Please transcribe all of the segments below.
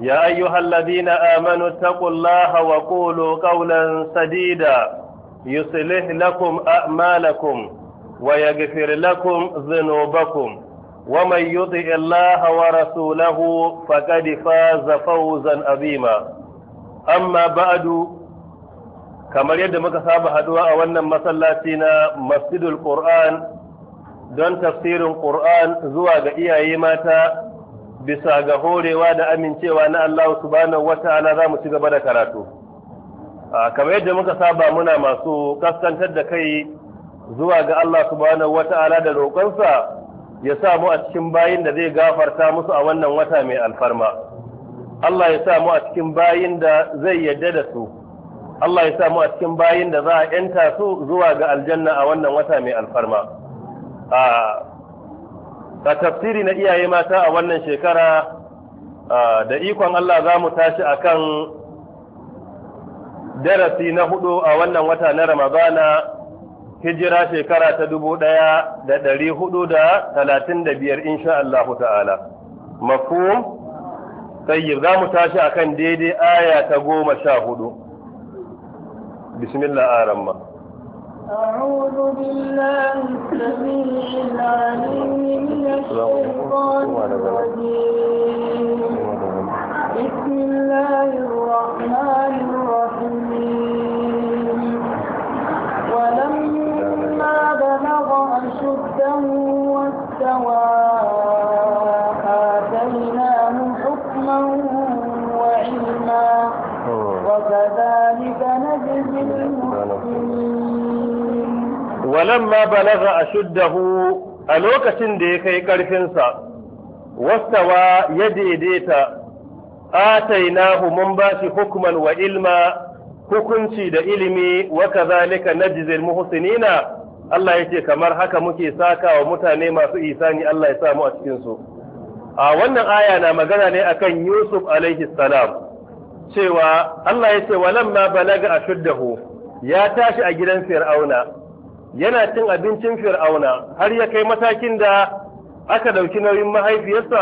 يا أيها الذين آمنوا اتقوا الله وقولوا قولا سديدا يصلح لكم أعمالكم ويغفر لكم ذنوبكم ومن يطع الله ورسوله فقد فاز فوزا عظيما أما بعد kamar yadda muka saba haduwa a wannan masallaci na masjidul Qur'an don tafsirin Qur'an zuwa ga iyaye mata bisa ga horewa da amincewa na Allah subhanahu wata'ala za mu ci gaba da karatu kamar yadda muka saba muna masu kaskantar da kai zuwa ga Allah subhanahu wata'ala da roƙonsa ya sa mu a cikin bayin da zai gafarta musu a wannan wata mai alfarma Allah ya sa mu a cikin bayin da zai yadda da su Allah ya sa mu a cikin bayin da za a yanta su zuwa ga aljanna a wannan wata mai alfarma a tafsiri na iyaye mata a wannan shekara da ikon Allah za mu tashi a kan darasi na hudu a wannan wata na Ramadana hijira shekara ta dubu ɗaya da ɗari hudu da talatin da biyar insha Allah ta'ala. Mafhum? Sayyid za mu tashi a kan daidai aya ta goma sha hudu. Bismillah aramma. أعوذ بالله السميع العليم من الشيطان الرجيم بسم الله الرحمن الرحيم ولما بلغ أشده واستوى آتيناه حكما وعلما وكذلك walamma balagha ashuddahu a lokacin da ya kai ƙarfinsa wastawa ya daidaita atainahu mun bashi hukman wa ilma hukunci da ilimi wakazalika na najzil muhsinina Allah yace kamar haka muke wa mutane masu isani Allah ya sa a cikin a wannan aya na magana ne akan Yusuf alaihi salam cewa Allah yace ma balaga a ashuddahu ya tashi a gidan Fir'auna yana cin abincin fir'auna har ya kai matakin da aka dauki nauyin mahaifiyarsa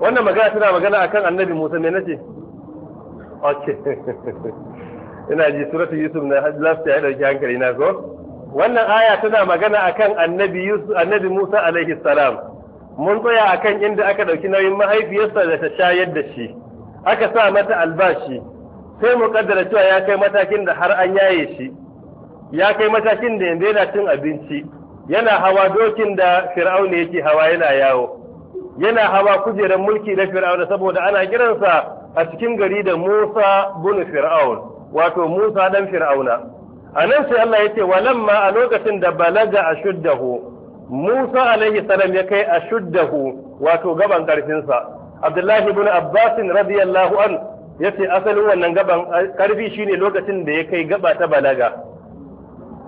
wannan magana tana magana akan annabi musa ne nace ok ina ji suratul yusuf na last ya dauki hankali na ko wannan aya tana magana akan annabi yusuf annabi musa alaihi salam mun tsaya akan inda aka dauki nauyin mahaifiyarsa da ta shayar da shi aka sa mata albashi sai mu kaddara cewa ya kai matakin da har an yaye shi ya kai matakin da yanzu yana cin abinci yana hawa dokin da fir'auna yake hawa yana yawo yana hawa kujerar mulki na fir'auna saboda ana kiransa a cikin gari da Musa bin fir'aun wato Musa dan fir'auna a nan sai Allah ya ce walamma a lokacin da balaga ashuddahu Musa alaihi salam ya kai ashuddahu wato gaban karfinsa Abdullahi bin Abbas radiyallahu an yace asalin wannan gaban karfi shine lokacin da ya kai gaba ta balaga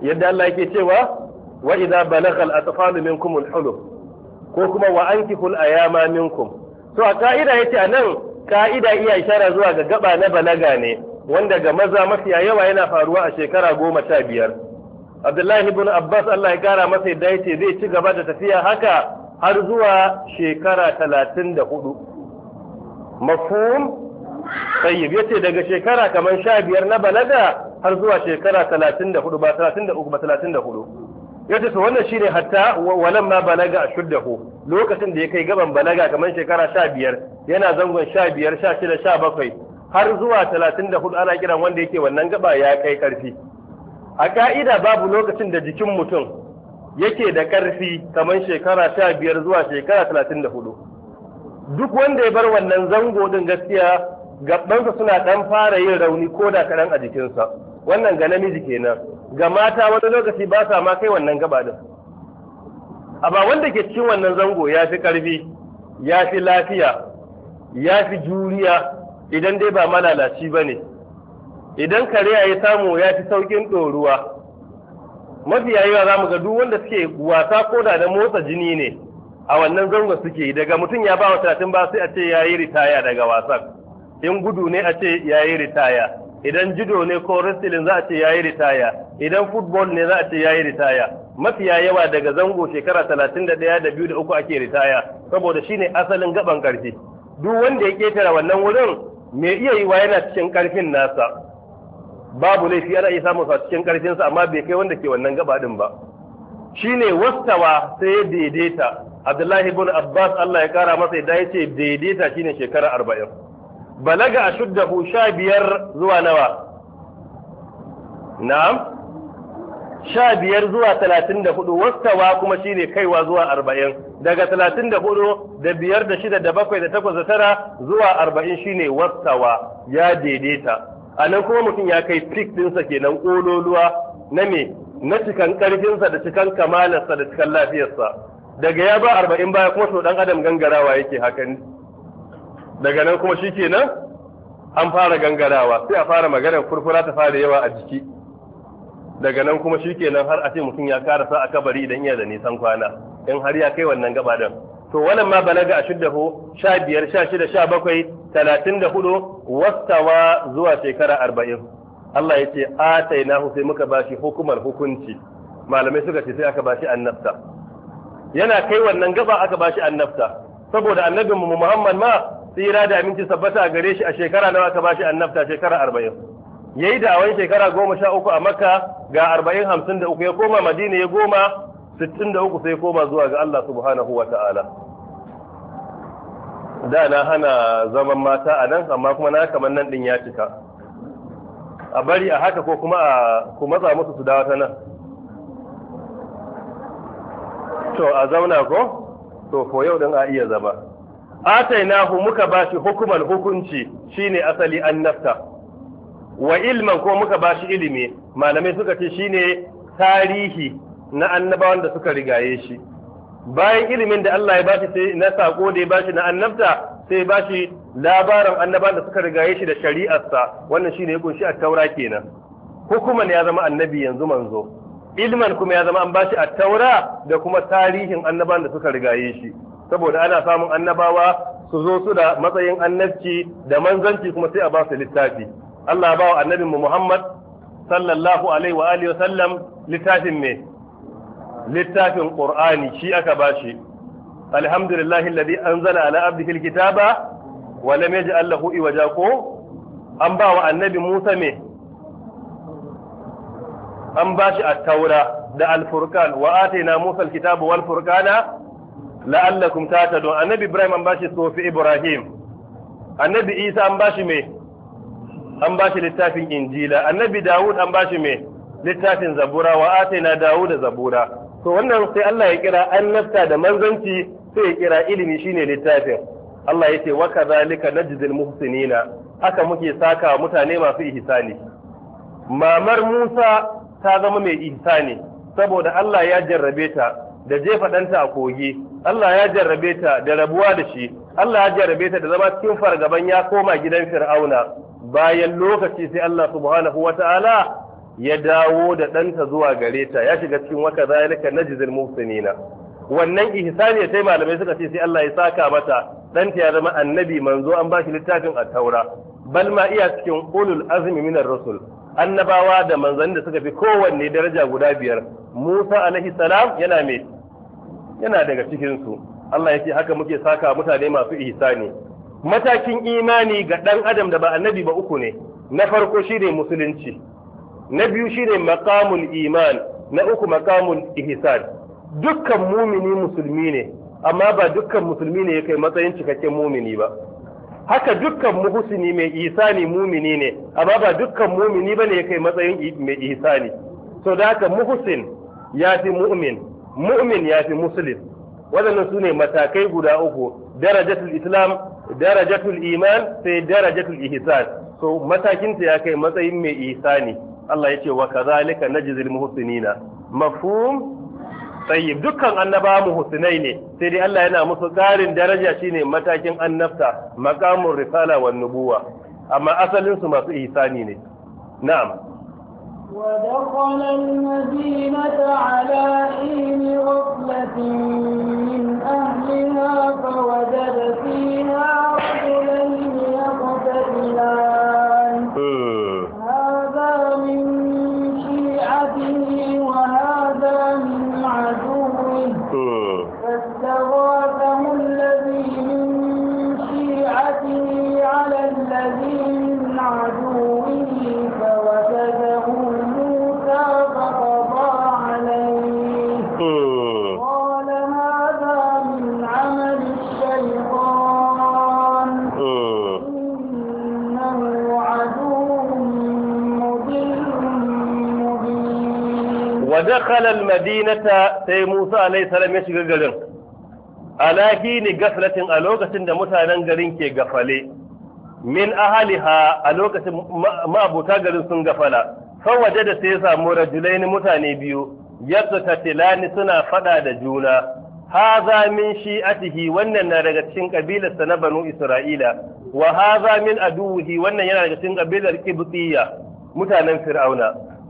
yadda Allah yake cewa wa idza balagha al atfal minkum al-hulum ko kuma wa ankihul ayama minkum to a ka'ida yace anan ka'ida iya ishara zuwa ga gaba na balaga ne wanda ga maza mafi yawa yana faruwa a shekara goma sha biyar abdullahi ibn abbas allah ya kara masa yadda yace zai ci gaba da tafiya haka har zuwa shekara talatin da hudu mafhum tayyib yace daga shekara kamar sha biyar na balaga har zuwa shekara 34 ba 33 ba 34 yace to wannan shine hatta walan ma balaga ashuddahu lokacin da ya kai gaban balaga kamar shekara 15 yana zangon 15 16 17 har zuwa 34 ana kiran wanda yake wannan gaba ya kai karfi a ka'ida babu lokacin da jikin mutum yake da karfi kamar shekara 15 zuwa shekara 34 duk wanda ya bar wannan zango din gaskiya gabansa suna ɗan fara yin rauni ko da kaɗan a jikinsa wannan ga namiji kenan ga mata wani lokaci ba sa ma kai wannan gaba din amma wanda ke cikin wannan zango ya fi karfi ya fi lafiya ya fi juriya idan dai ba malalaci ba ne idan kare ya samu ya fi saukin ɗoruwa mafi yayiwa za mu ga duk wanda suke wasa ko da na motsa jini ne a wannan zango suke daga mutum ya ba wa talatin ba sai a ce ya yi ritaya daga wasan in gudu ne a ce ya yi ritaya idan judo ne ko wrestling za a ce ya yi ritaya idan football ne za a ce ya yi ritaya mafiya yawa daga zango shekara talatin da ɗaya da biyu da uku ake ritaya saboda shine asalin gaban ƙarfi duk wanda ya ƙetare wannan wurin mai iya yi wa yana cikin ƙarfin nasa babu laifi ana iya samun sa cikin ƙarfinsa amma bai kai wanda ke wannan gaba din ba shine wastawa sai ya daidaita abdullahi ibn abbas allah ya kara masa ya dace daidaita shine shekara arba'in balaga Hu sha biyar zuwa nawa na'am sha biyar zuwa talatin da hudu wastawa kuma shine kaiwa zuwa arba'in daga talatin da hudu da biyar da shida da bakwai da takwas da tara zuwa arba'in shine wastawa ya daidaita a nan kuma mutum ya kai fik ɗinsa kenan ƙololuwa na me na cikan ƙarfinsa da cikan kamalarsa da cikan lafiyarsa daga ya ba arba'in baya kuma sau ɗan adam gangarawa yake hakan daga nan kuma shi kenan an fara gangarawa sai a fara maganar kurkura ta fara yawa a jiki daga nan kuma shi kenan har a ce mutum ya karasa a kabari idan iya da nisan kwana in har ya kai wannan gaba din to wannan ma balaga a shidda ho sha biyar sha shida sha bakwai talatin da hudu wastawa zuwa shekara arba'in Allah ya ce hu sai muka bashi hukumar hukunci malamai suka ce sai aka bashi annabta yana kai wannan gaba aka bashi annabta saboda annabinmu Muhammad ma tsira da aminci sabbata a gare shi a shekara nawa aka bashi annabta shekara arba'in ya yi da'awan shekara goma sha uku a makka ga arba'in hamsin da uku ya koma madina ya goma sittin da uku sai koma zuwa ga allah subhanahu wa ta'ala da na hana zaman mata a nan amma kuma na kamar nan din ya cika a bari a haka ko kuma a ku matsa musu su dawo ta nan to a zauna ko to ko yau din a iya zama atainahu muka bashi hukumar hukunci shine asali nafta. wa ilman ko muka bashi ilimi malamai suka ce shine tarihi na annabawan da suka rigaye shi bayan ilimin da Allah ya bashi sai na sako da ya bashi na annabta sai ya bashi labaran annabawan da suka rigaye shi da shari'arsa wannan shine ya kunshi a taura kenan hukuman ya zama annabi yanzu manzo ilman kuma ya zama an bashi a taura da kuma tarihin annabawan da suka rigaye shi saboda ana samun annabawa su zo su da matsayin annabci da manzanci kuma sai a ba su littafi Allah ba wa annabin mu Muhammad sallallahu alaihi wa alihi wasallam littafin me littafin Qur'ani shi aka bashi alhamdulillahi alladhi anzala ala abdihi alkitaba wa lam yaj'al lahu iwaja ko an ba wa annabi Musa me an bashi at-taura da al-furqan wa atayna Musa al wal furqana la'allakum don annabi ibrahim an bashi sofi ibrahim annabi isa an bashi me an bashi littafin injila annabi dawud an bashi mai littafin zabura wa ataina dawud zabura to wannan sai Allah ya kira annabta da manzanci sai ya kira ilimi shine littafin Allah ya ce wa kadhalika najzil muhsinina haka muke saka mutane masu ihsani mamar Musa ta zama mai ihsani saboda Allah ya jarrabe ta da jefa ɗanta a kogi Allah ya jarrabe ta da rabuwa da shi Allah ya jarrabe ta da zama cikin fargaban ya koma gidan Fir'auna bayan lokaci sai Allah subhanahu wata'ala ya dawo da ɗanta zuwa gare ta ya shiga cikin waka zalika najzil muhsinina wannan ihsani sai malamai suka ce sai Allah ya saka mata ɗanta ya zama annabi manzo an ba shi littafin at-taura bal ma iya cikin ulul azmi minar rasul. annabawa da manzanni da suka fi kowanne daraja guda biyar Musa alaihi salam yana mai yana daga cikin su Allah ya ce haka muke saka mutane masu ihsani matakin imani ga dan adam da ba annabi ba uku ne na farko shine musulunci na biyu shine maqamul iman na uku maqamul ihsan dukkan mumini musulmi ne amma ba dukkan musulmi ne ya kai matsayin cikakken mumini ba haka dukkan muhsini mai isani mumini ne amma ba dukkan mumini bane ya kai matsayin mai ihsani so da haka muhsin ya fi mu'min mu'min ya fi musulun waɗannan su ne matakai guda uku darajatul islam darajatul iman sai darajatul ihsan so matakin ta ya kai matsayin mai ihsani Allah ya ce wa kazalika najzil muhsinina mafhum tayyib dukkan annaba muhsinai ne sai dai Allah yana musu ƙarin daraja shine matakin annabta maqamur risala wan nubuwa amma asalin su masu ihsani ne na'am ودخل المدينة على حين غفلة من أهلها فوجد فيها رجلين يقتتلان هذا من شيعته وهذا من عدوه فاستغاثه الذي من شيعته على الذي من عدوه فدخل المدينة سي موسى عليه السلام يشغل غرين على حين غفلة ألوكة موسى غرين كي غفلي من أهلها ألوكة ما أبوتا غرين سن غفلا فوجد سيسا مرجلين متاني بيو يقتتلان سنا فدا دجونا هذا من شيئته وانا na daga cikin kabilarsa إسرائيل وهذا من أدوه وانا min aduhi wannan yana daga cikin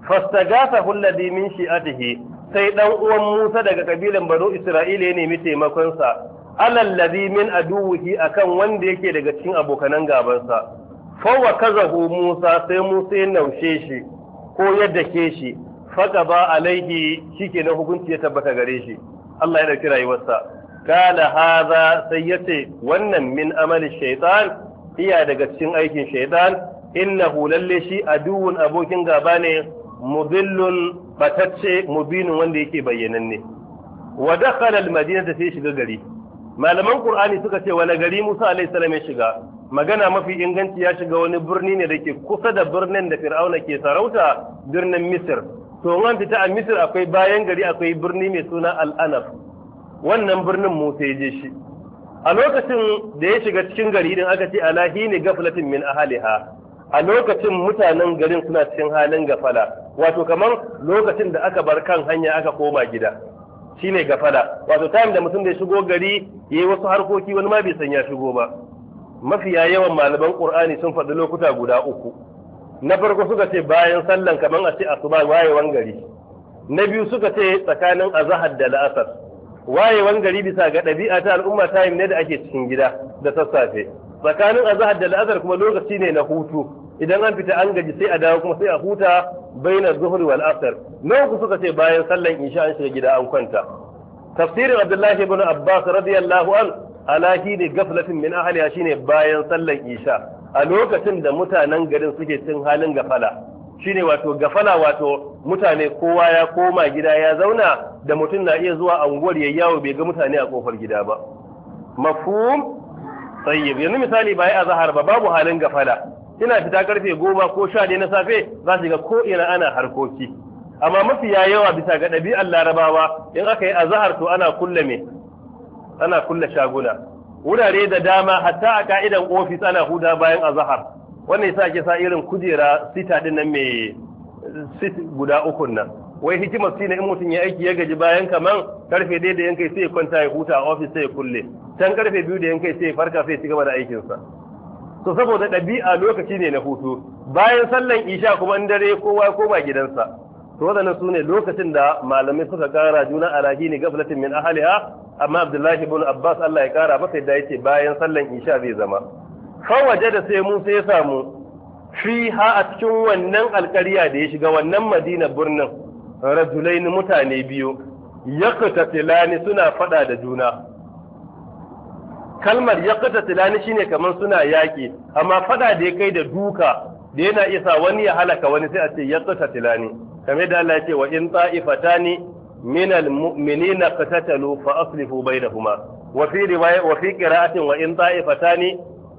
fastagasa hulladi min shi'atihi sai dan uwan Musa daga kabilan Banu Isra'ila ya nemi taimakon sa alal ladhi min aduwihi akan wanda yake daga cikin abokanan gaban sa fawa kazahu Musa sai Musa ya naushe shi ko yadda ke shi faka ba alaihi na hukunci ya tabbata gare shi Allah ya dauki rayuwarsa kana hadha sai yace wannan min amali shaytan iya daga cikin aikin shaytan innahu lalle shi aduwun abokin gaba ne mudillun batacce mubinin wanda yake bayyananne wa dakhala al-madinata sai shiga gari malaman qur'ani suka ce wani gari Musa alayhi salam ya shiga magana mafi inganci ya shiga wani birni ne dake kusa da birnin da Fir'auna ke sarauta birnin Misr to an fita a Misr akwai bayan gari akwai birni mai suna Al-Anaf wannan birnin Musa ya je shi a lokacin da ya shiga cikin gari din aka ce alahi ne gaflatin min ahaliha a lokacin mutanen garin suna cikin halin gafala wato kamar lokacin da aka bar kan hanya aka koma gida shine gafala wato time da mutum da ya shigo gari ya yi wasu harkoki wani ma bai san ya shigo ba mafiya yawan malaman qur'ani sun faɗi lokuta guda uku na farko suka ce bayan sallan kamar a ce asuba wayewan gari na biyu suka ce tsakanin azahar da la'asar wayewan gari bisa ga ɗabi'a ta al'umma time ne da ake cikin gida da sassafe tsakanin azahar da la'azar kuma lokaci ne na hutu idan an fita an gaji sai a dawo kuma sai a huta baina zuhri wal asr nan ku suka ce bayan sallan insha an shiga gida an kwanta tafsirin abdullahi ibn abbas radiyallahu an ala ne gaflatin min ahliha ne bayan sallan isha a lokacin da mutanen garin suke cin halin gafala shine wato gafala wato mutane kowa ya koma gida ya zauna da mutum na iya zuwa anguwar ya yawo bai ga mutane a kofar gida ba mafhum tayyib yanzu misali ba a zahar ba babu halin gafala Ina fita karfe goma ko sha na safe za su ga ko ana harkoki amma mafi ya yawa bisa ga ɗabi'ar larabawa in aka yi azahar to ana kulle me ana kulle shaguna wurare da dama hatta a ka'idan ofis ana huda bayan azahar wannan yasa ake sa irin kujera sita ɗin nan mai sit guda ukunnan. nan wai hikimar ne in mutum ya aiki ya gaji bayan kaman karfe ɗaya da yankai sai ya kwanta ya huta a ofis sai ya kulle can karfe biyu da yankai sai ya farka sai ya ci gaba da aikinsa to saboda ɗabi'a lokaci ne na hutu bayan sallan isha kuma in dare kowa koma gidansa to wadannan su lokacin da malamai suka kara juna a rahini gaflatin min ahaliha amma abdullahi ibn abbas allah ya kara masa da yace bayan sallan isha zai zama fawaje da sai musa ya samu fi ha a cikin wannan alƙarya da ya shiga wannan madina birnin rajulain mutane biyu yaqtatilani suna fada da juna kalmar yaqtatilani shine kaman suna yaƙi. amma fada da ya kai da duka da yana isa wani ya halaka wani sai a ce yaqtatilani kamar da Allah ya ce wa in ta'ifatani min almu'minina qatatalu fa aslihu bainahuma wa fi riwaya wa fi qira'atin wa in ta'ifatani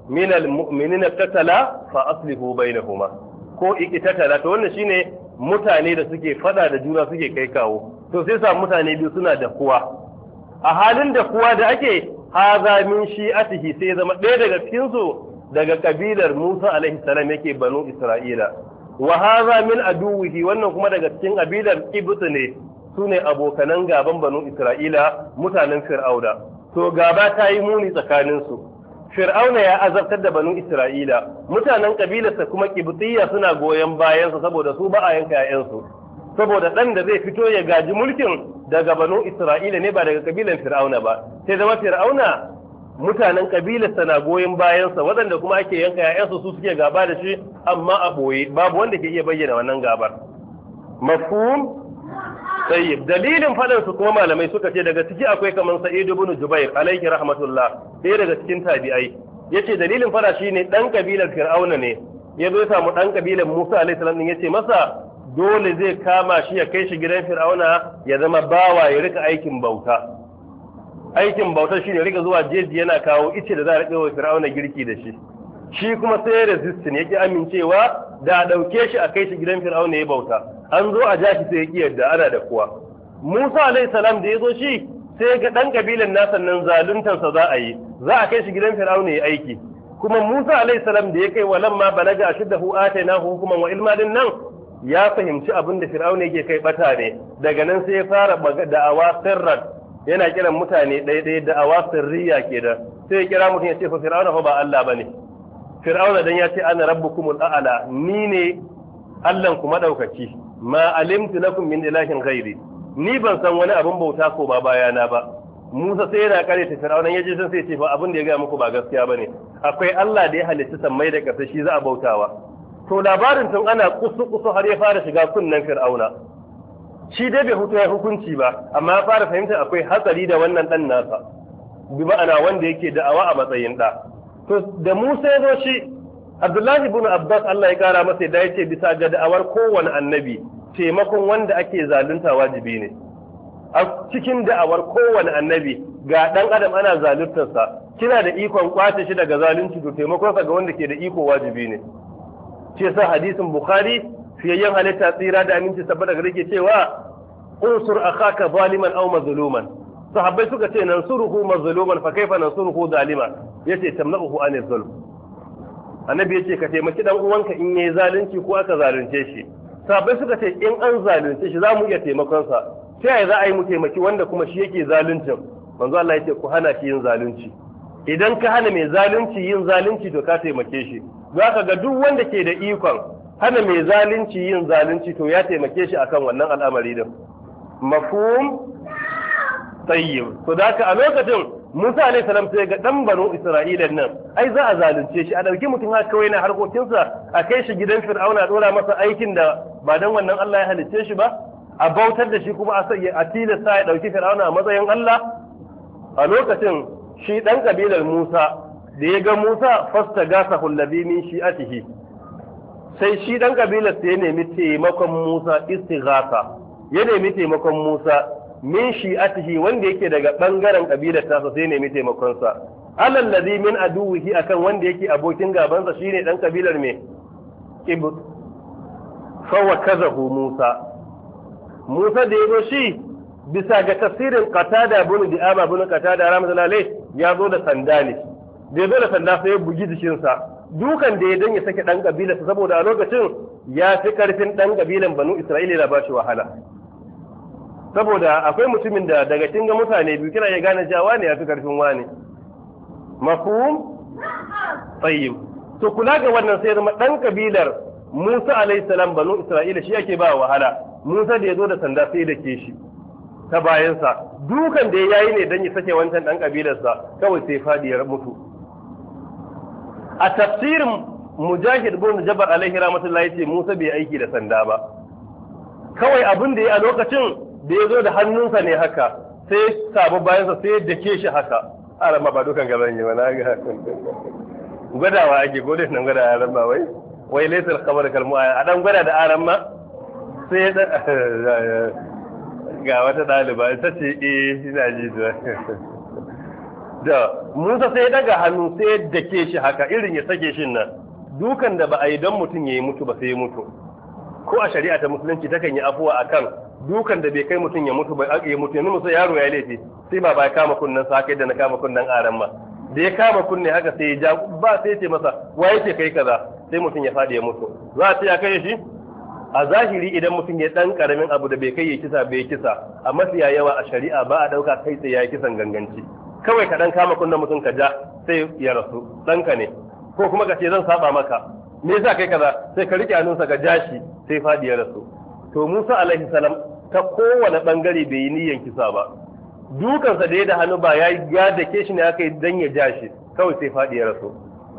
min almu'minina qatala fa aslihu bainahuma ko ikitatala to wannan shine mutane da suke fada da juna suke kai kawo to sai sa mutane biyu suna da kuwa a halin da kuwa da ake haza min atihi sai zama ɗaya daga cikinsu daga kabilar Musa alaihi salam yake banu Isra'ila wa haza min aduwihi wannan kuma daga cikin kabilar Ibtu ne sune abokanan gaban banu Isra'ila mutanen Fir'auna to gaba ta yi muni tsakaninsu. fir'auna ya azabtar da banu isra'ila mutanen ƙabilarsa kuma kibtiyya suna goyon bayansa saboda su ba a yanka yayansu saboda ɗan da zai fito ya gaji mulkin daga banu isra'ila ne ba daga kabilan fir'auna ba sai zama fir'auna mutanen ƙabilarsa na goyon bayansa waɗanda kuma ake yanka yayansu su suke gaba da shi amma a boye babu wanda ke iya bayyana wannan gabar mafhum tayyib dalilin faɗin su kuma malamai suka ce daga ciki akwai kamar Sa'idu ibn jubair alaihi rahmatullah sai daga cikin tabi'ai yace dalilin fara shine dan kabilar fir'auna ne ya zo ya samu dan kabilar musa alaihi salam din yace masa dole zai kama shi ya kai shi gidan fir'auna ya zama bawa ya rika aikin bauta aikin bauta shine rika zuwa jeji yana kawo ice da za a rika wa fir'auna girki da shi shi kuma sai resistin yake amincewa da a ɗauke shi a kai shi gidan fir'auna ya bauta an zo a ja shi sai ya ki yadda ana da kuwa musa alayhi salam da ya zo shi sai ga ɗan ƙabilan nasa nan sa za a yi za a kai shi gidan fir'auna ya aiki kuma musa alayhi salam da ya kai wa lamma balaga ashuddahu na hukuman wa ilma nan ya fahimci abin da fir'auna yake kai bata ne daga nan sai ya fara da'awa sirrat yana kiran mutane ɗaya da da'awa sirriya ke da sai ya kira mutum ya ce fa fir'auna fa ba Allah ba ne. fir'auna dan ya ce ana rabbukumul a'la ni ne allan ku madaukaki ma alimtu lakum min ilahin ghairi ni ban san wani abin bauta ko ba bayana ba Musa sai yana kare ta fir'auna yaje san sai ce fa abin da ya ga muku ba gaskiya bane akwai Allah da ya halitta sammai da ƙasa shi za a bautawa to labarin tun ana kusu kusu har ya fara shiga kunnen fir'auna shi dai bai hutu ya hukunci ba amma ya fara fahimta akwai hatsari da wannan dan nasa bi ma'ana wanda yake da'awa a matsayin da to da Musa ya zo shi Abdullahi ibn Abbas Allah ya kara masa da yace bisa ga da'awar kowane annabi taimakon wanda ake zalunta wajibi ne a cikin da'awar kowane annabi ga dan adam ana zaluntarsa kina da ikon kwace shi daga zalunci to sa ga wanda ke da iko wajibi ne ce sa hadisin Bukhari fiyayyen halitta tsira da aminci saboda daga rage cewa unsur akhaka zaliman aw mazluman sahabbai suka ce nan suruhu mazluman fa kaifa nan suruhu zalima yace tamna'uhu anil zulm annabi ce ka taimaki dan uwanka in yayi zalunci ko aka zalunce shi sabai suka ce in an zalunce shi za mu iya taimakon sa ta yaya za a yi mu taimaki wanda kuma shi yake zaluncin manzo Allah yace ku hana shi yin zalunci idan ka hana mai zalunci yin zalunci to ka taimake shi za ka ga duk wanda ke da ikon hana mai zalunci yin zalunci to ya taimake shi akan wannan al'amari din mafhum tayyib to da a lokacin Musa alaihi salam sai ga dan banu Isra'ila nan ai za a zalunce shi a dauki mutum haka kawai na harkokinsa a kai shi gidan Fir'auna dora masa aikin da ba dan wannan Allah ya halicce shi ba a bautar da shi kuma a sai a tilasta ya dauki Fir'auna a matsayin Allah a lokacin shi dan kabilar Musa da ya ga Musa fasta gasa hullabi min shi'atihi sai shi dan kabilar sai ya nemi taimakon Musa istighasa ya nemi taimakon Musa min shi'atihi wanda yake daga bangaren kabilar tasa sai nemi taimakonsa. sa alal ladhi min aduwihi akan wanda yake abokin gabansa shine dan kabilar me Ibu fa wakazahu Musa Musa da yazo shi bisa ga tafsirin qatada bin di'ama bin qatada rahmatullahi ya zo da sanda ne da zo da sanda sai ya bugi jikin sa dukan da ya dan ya sake ɗan kabilar saboda a lokacin ya fi karfin ɗan kabilan banu Isra'ila ba shi wahala saboda akwai mutumin da daga kin ga mutane biyu kina ya gane cewa wani ya fi karfin wani mafhum tayyib to kula ga wannan sai zama dan kabilar Musa alayhi salam banu Isra'ila shi yake ba wahala Musa da yazo da sanda sai da ke shi ta bayansa dukan da ya yi ne dan ya sake wancan dan kabilarsa kawai sai fadi ya mutu a tafsirin mujahid bin Jabal alaihi rahmatullahi ce Musa bai aiki da sanda ba kawai abin da ya a lokacin da ya zo da hannunsa ne haka sai sabu bayansa sai da ke shi haka a rama ba dukan gaban yi wani ga gwadawa ake gode nan gwada a rama wai wai laisar kamar kalmu a dan gwada da aran ma sai ya ga wata ɗaliba ta ce eh ina ji da da Musa sai ya daga hannu sai ya dake shi haka irin ya sake shi nan dukan da ba a yi don mutum ya yi mutu ba sai ya mutu ko a shari'a ta musulunci takan yi afuwa akan dukan da bai kai mutum ya mutu ba ya mutu yanzu sai yaro ya laifi sai ba bai kama kunnen sa kai da na kama kunnen aran ma da ya kama kunne haka sai ya ja ba sai ce masa waye ce kai kaza sai mutum ya fadi ya mutu za a ce ya kai shi a zahiri idan mutum ya dan karamin abu da bai kai ya kisa bai kisa a mafiya yawa a shari'a ba a dauka kai sai ya kisan ganganci kawai ka dan kama kunnen mutum ka ja sai ya rasu ka ne ko kuma ka ce zan saba maka me yasa kai kaza sai ka rike hannunsa ka ja shi sai fadi ya rasu to Musa alaihi salam ta kowane bangare bai yi niyyan kisa ba dukansa da ya da hannu ba ya da ke shi ne aka yi dan ya ja kawai sai faɗi ya rasu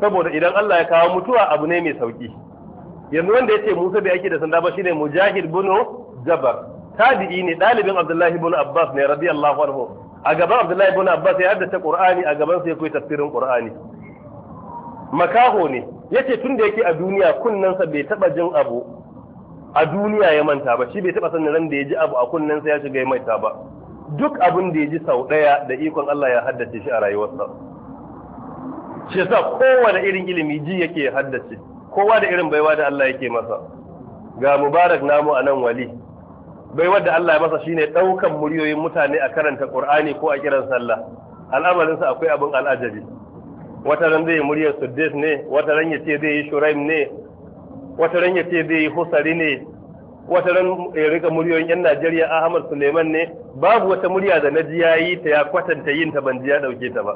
saboda idan Allah ya kawo mutuwa abu ne mai sauki yanzu wanda ya ce Musa bai ake da sanda ba shine Mujahid bin Jabar tabi'i ne dalibin Abdullahi bin Abbas ne radiyallahu anhu a gaban Abdullahi bin Abbas ya haddace Qur'ani a gaban sa ya koyi tafsirin Qur'ani makaho ne yace tun da yake a duniya kunnensa bai taba jin abu a duniya ya manta ba shi bai taba sanin ran da ya ji abu a kunnen sa ya shiga ya manta ba duk abin da ya ji sau ɗaya da ikon Allah ya haddace shi a rayuwarsa shi yasa kowane irin ilimi ji yake haddace kowa da irin baiwa da Allah yake masa ga mubarak namu a nan, wali baiwa da Allah ya masa shine daukan muryoyin mutane a karanta Qur'ani ko a kiran sallah al'amarin sa akwai abin al'ajabi wata ran zai muryar Suddes ne wata ran ya ce zai yi Shuraim ne wata ran ya ce zai yi husari ne wata ran ya rika muryoyin yan Najeriya Ahmad Suleiman ne babu wata murya da na ji yi ta ya kwatanta yin ta ban ji ya dauke ta ba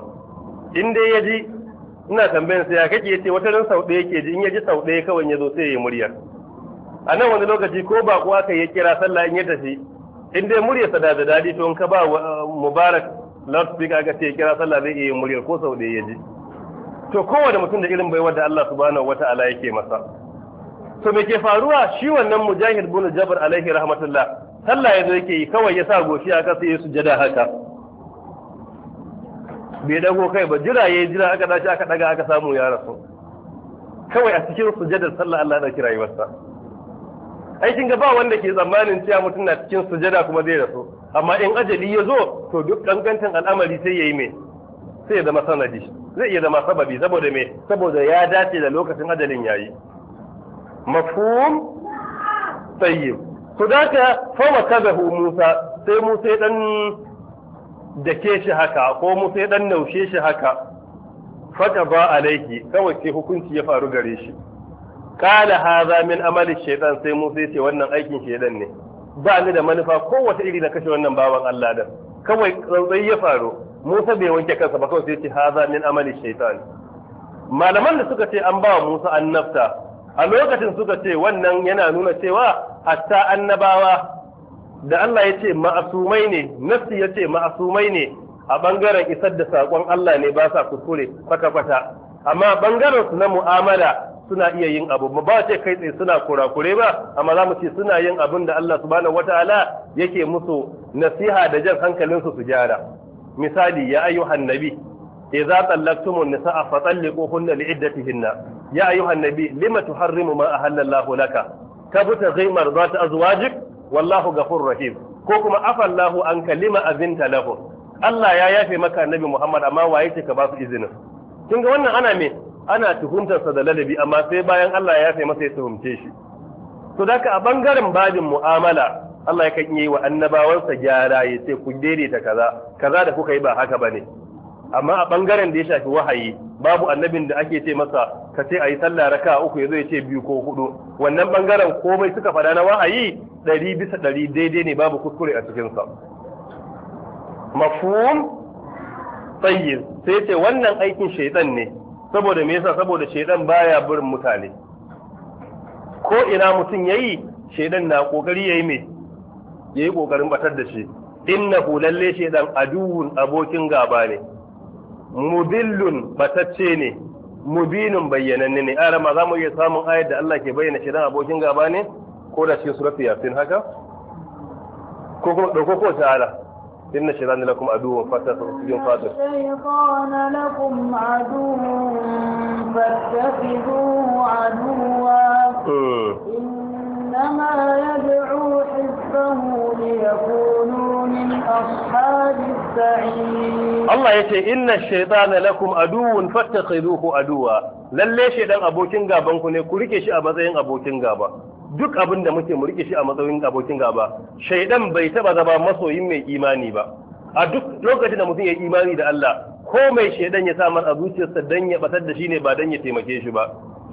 in dai ya ji ina tambayan sai ya kake yace wata ran sau ɗaya yake ji in ya ji sau ɗaya kawai ya zo sai ya yi murya a nan wani lokaci ko ba kuwa kai ya kira sallah in ya tafi in dai murya sa da daɗi to in ka ba uh, mubarak loudspeaker aka ce kira sallah zai iya muryar ko sau ɗaya ya ji to kowane mutum da irin baiwar da Allah subhanahu wata'ala yake masa to me ke faruwa shi wannan mujahid bin jabr alaihi rahmatullah sallah yazo yake yi kawai ya sa goshi aka sai ya sujada haka bai dago kai ba jira yayi jira aka dace aka daga aka samu ya rasu kawai a cikin sujadar sallah Allah da kira yiwarsa ai kin ga ba wanda ke tsammanin cewa mutum na cikin sujada kuma zai rasu amma in ajali ya zo to duk dangantan al'amari sai yayi me sai ya zama sanadi zai iya zama sababi saboda me saboda ya dace da lokacin ajalin yayi مفهوم طيب فذاك فما كذبه موسى سي Musa sai دكيشي هكا كو dake shi haka ko Musa عليه كما naushe shi haka fata ba alaihi kawai sai hukunci ya faru gare shi shaitan sai ce wannan aikin shaitan ne ba ni da manufa ko wata iri na kashe wannan bawan Allah da kawai tsantsai ya faru Musa bai wanke kansa ba kawai sai ya ce haza min amali shaitan malaman da suka ce an ba Musa annabta a lokacin suka ce wannan yana nuna cewa hatta annabawa da Allah ya ce ma'asumai ne nafsi ya ce ma'asumai ne a bangaren isar da saƙon Allah ne ba sa kuskure kwata-kwata amma bangaren su na mu'amala suna iya yin abu ba ce kai tsaye suna kurakure ba amma za mu ce suna yin abin da Allah subhanahu wataala yake musu nasiha da jan hankalinsu su gyara misali ya ayyuhan nabi idza tallaqtumun nisaa fatalliquhunna li'iddatihinna ya ayyuhan nabi lima tuharrimu ma ahallallahu laka tabtaghi mardat azwajik wallahu Gafur rahim ko kuma afallahu an kalima azinta lahum Allah ya yafe maka annabi Muhammad amma waye ce ka basu izinin kin ga wannan ana me ana tuhumtar sa da ladabi amma sai bayan Allah ya yafe masa ya tuhumce shi to daka a bangaren babin mu'amala Allah yakan yi wa annabawansa gyara ya ce ku daidaita kaza kaza da kuka yi ba haka ba ne. amma a bangaren da ya shafi wahayi babu annabin da ake ce masa ka ce a yi sallah raka uku ya zo ya ce biyu ko hudu wannan bangaren komai suka faɗa na wahayi ɗari bisa ɗari daidai ne babu kuskure a cikinsa mafhum tsayyir sai ce wannan aikin shaidan ne saboda me yasa saboda shaitan baya burin mutane ko ina mutum yayi shaidan na kokari yayi me yayi kokarin batar da shi innahu lalle shaitan aduwun abokin gaba ne mudillun batacce ne mubinun bayyananne ne a rama za mu iya samun ayar da Allah ke bayyana shi dan abokin gaba ne ko da cikin suratu yasin haka ko kuma dauko ko ta'ala inna shaytan lakum aduwwun fatasawjun fatas shaytan lakum aduwwun fattakhidhuhu aduwwa إنما يدعو حزبه ليكونوا من أصحاب السعير الله يتي إن الشيطان لكم أدو فاتخذوه عدوا lalle shi dan abokin gaban ku ne ku rike shi a matsayin abokin gaba duk abin da muke mu rike shi a matsayin abokin gaba shaidan bai taba zama masoyin mai imani ba a duk lokacin da mutum ya imani da Allah ko mai shaidan ya samar a zuciyarsa dan ya batar da shi ne ba dan ya taimake shi ba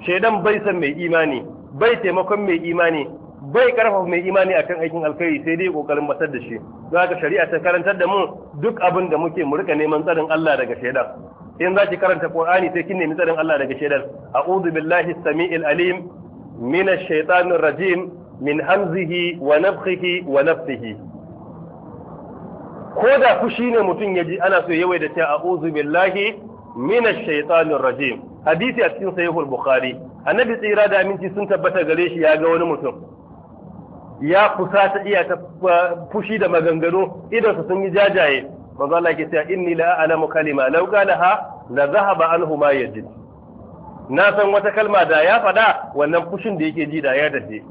shaidan bai san mai imani bai taimakon mai imani bai ƙarfafa mai imani akan aikin alkhairi sai dai kokarin masar da shi don haka shari'a ta karantar da mu duk abin da muke mu rika neman tsarin Allah daga shaidan in za ki karanta Qur'ani sai kin nemi tsarin Allah daga shaidan a'udhu billahi samiil alim minash shaitanir rajim min hamzihi wa nafthihi wa nafthihi ko da fushi ne mutum ya ji ana so yawaita a'udhu billahi min ash rajim hadisi a cikin sahihul bukhari annabi tsira da aminci sun tabbata gare shi ya ga wani mutum ya kusa ta iya ta fushi da maganganu idan sun yi jajaye manzo Allah ke cewa inni la a'lamu kalima law qalaha la zahaba anhu ma yajid na san wata kalma da ya fada wannan fushin da yake ji da ya dace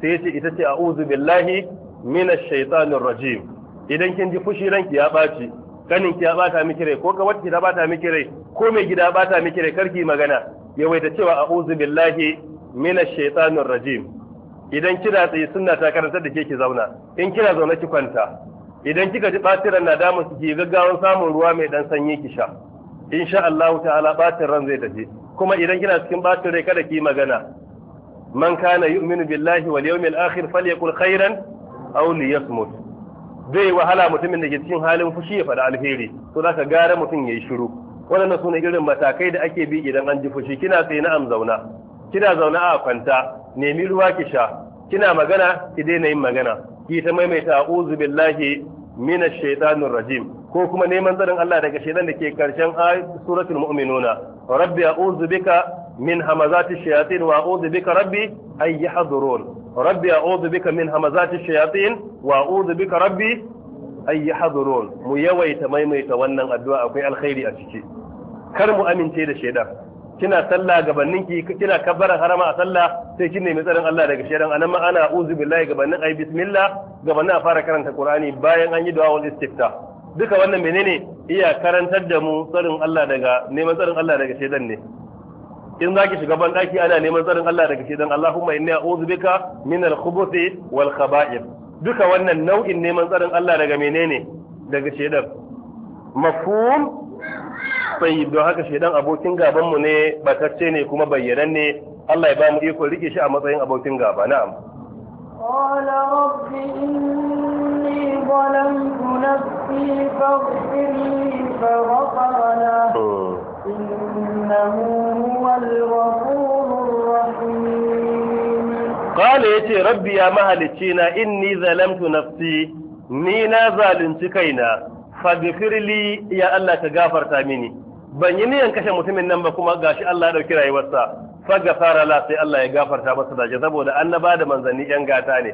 sai yace ita ce a'udhu billahi minash shaitanir rajim idan kin ji fushi ranki ya baci kanin ki ya bata miki rai ko ga ki ta bata miki rai ko mai gida bata miki rai karki magana yawaita cewa a'udhu billahi minash shaitanir rajim idan kina tsaye sunna ta karanta da ke ki zauna in kina zauna ki kwanta idan kika ji batiran na damu ki gaggawan samun ruwa mai dan sanyi ki sha insha Allah ta'ala ran zai tafi kuma idan kina cikin batin rai kada ki magana man kana yu'minu billahi wal yawmil akhir falyakul khairan aw liyasmut zai wahala mutumin da ke cikin halin fushi ya faɗi alheri to za ka gara mutum ya yi shiru waɗannan su ne irin matakai da ake bi idan an ji fushi kina sai na'am zauna kina zauna a kwanta nemi ruwa ki sha kina magana ki daina yin magana ki ta maimaita a'udhu billahi minash shaitanir rajim ko kuma neman tsarin Allah daga shaitan da ke karshen suratul mu'minuna rabbi a'udhu bika min hamazati shayatin wa a'udhu bika rabbi ay yahdurun rabbi a'udhu bika min hamazati shayatin wa a'udhu bika rabbi ay yahdurun mu yawaita maimaita wannan addu'a akwai alkhairi a ciki kar mu amince da shaidan kina sallah gabanin ki kina kabbaran harama a sallah sai kin nemi tsarin Allah daga shaidan anan ma ana uzu billahi gabanin ai bismillah a fara karanta Qur'ani bayan an yi du'a duka wannan menene iya karantar da mu tsarin Allah daga neman tsarin Allah daga shaidan ne in za ki shiga banɗaki ana neman tsarin Allah daga shi don Allahumma inni a'udhu bika min al-khubuthi wal khaba'ith duka wannan nau'in neman tsarin Allah daga menene daga shedan mafhum sai don haka shedan abokin gaban mu ne batacce ne kuma ne Allah ya ba mu iko rike shi a matsayin abokin gaba na'am قال رب إني ظلمت نفسي فاغفر لي فغفر له إنه ya ce rabbi ya يتي na يا مهلتينا إني ni na zalunci kaina, كينا فاغفر ya يا الله gafarta mini. ban yi niyan kashe mutumin nan ba kuma gashi Allah ya dauki rayuwarsa fagafara la sai Allah ya gafarta masa da saboda annaba da manzanni yan gata ne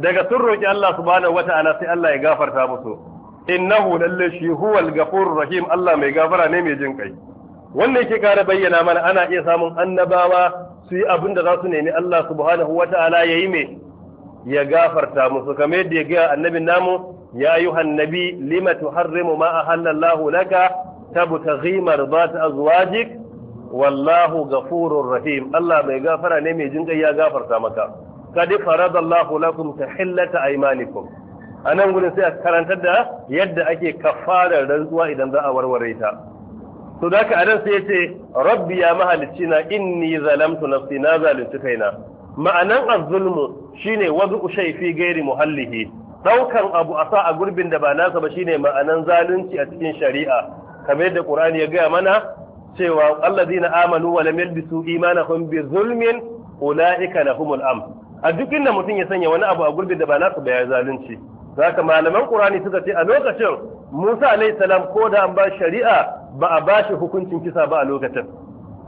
daga sun roƙi Allah subhanahu wata'ala sai Allah ya gafarta musu innahu lalle shi huwal rahim Allah mai gafara ne mai jin kai wannan ke kare bayyana mana ana iya samun annabawa su yi abin da za su nemi Allah subhanahu wa ta'ala ya yi me ya gafarta musu kamar yadda ya ga annabin namu ya yi hannabi lima tuharrimu ma a ahallallahu laka ba ta azuwajik wallahu ghafurur rahim Allah mai gafara ne mai jinkai ya gafarta maka ta faradallahu lakum tahillata A nan gudun sai a karantar da yadda ake kafarar rantsuwa idan za a warware ta to da a nan sai ya ce rabbi ya mahalicci na inni zalamtu nafsi na zalunci kaina ma'anan azzulmu shine wazu shay fi gairi muhallihi daukan abu a sa a gurbin da ba nasa ba shine ma'anan zalunci a cikin shari'a kamar yadda qur'ani ya gaya mana cewa alladhina amanu wa lam yalbisu imanahum bi zulmin ulaika lahumul amn a duk inda mutum ya sanya wani abu a gurbin da ba nasa ba ya zalunci zaka malaman qur'ani suka ce a lokacin Musa alayhi salam ko da an ba shari'a ba a ba shi hukuncin kisa ba a lokacin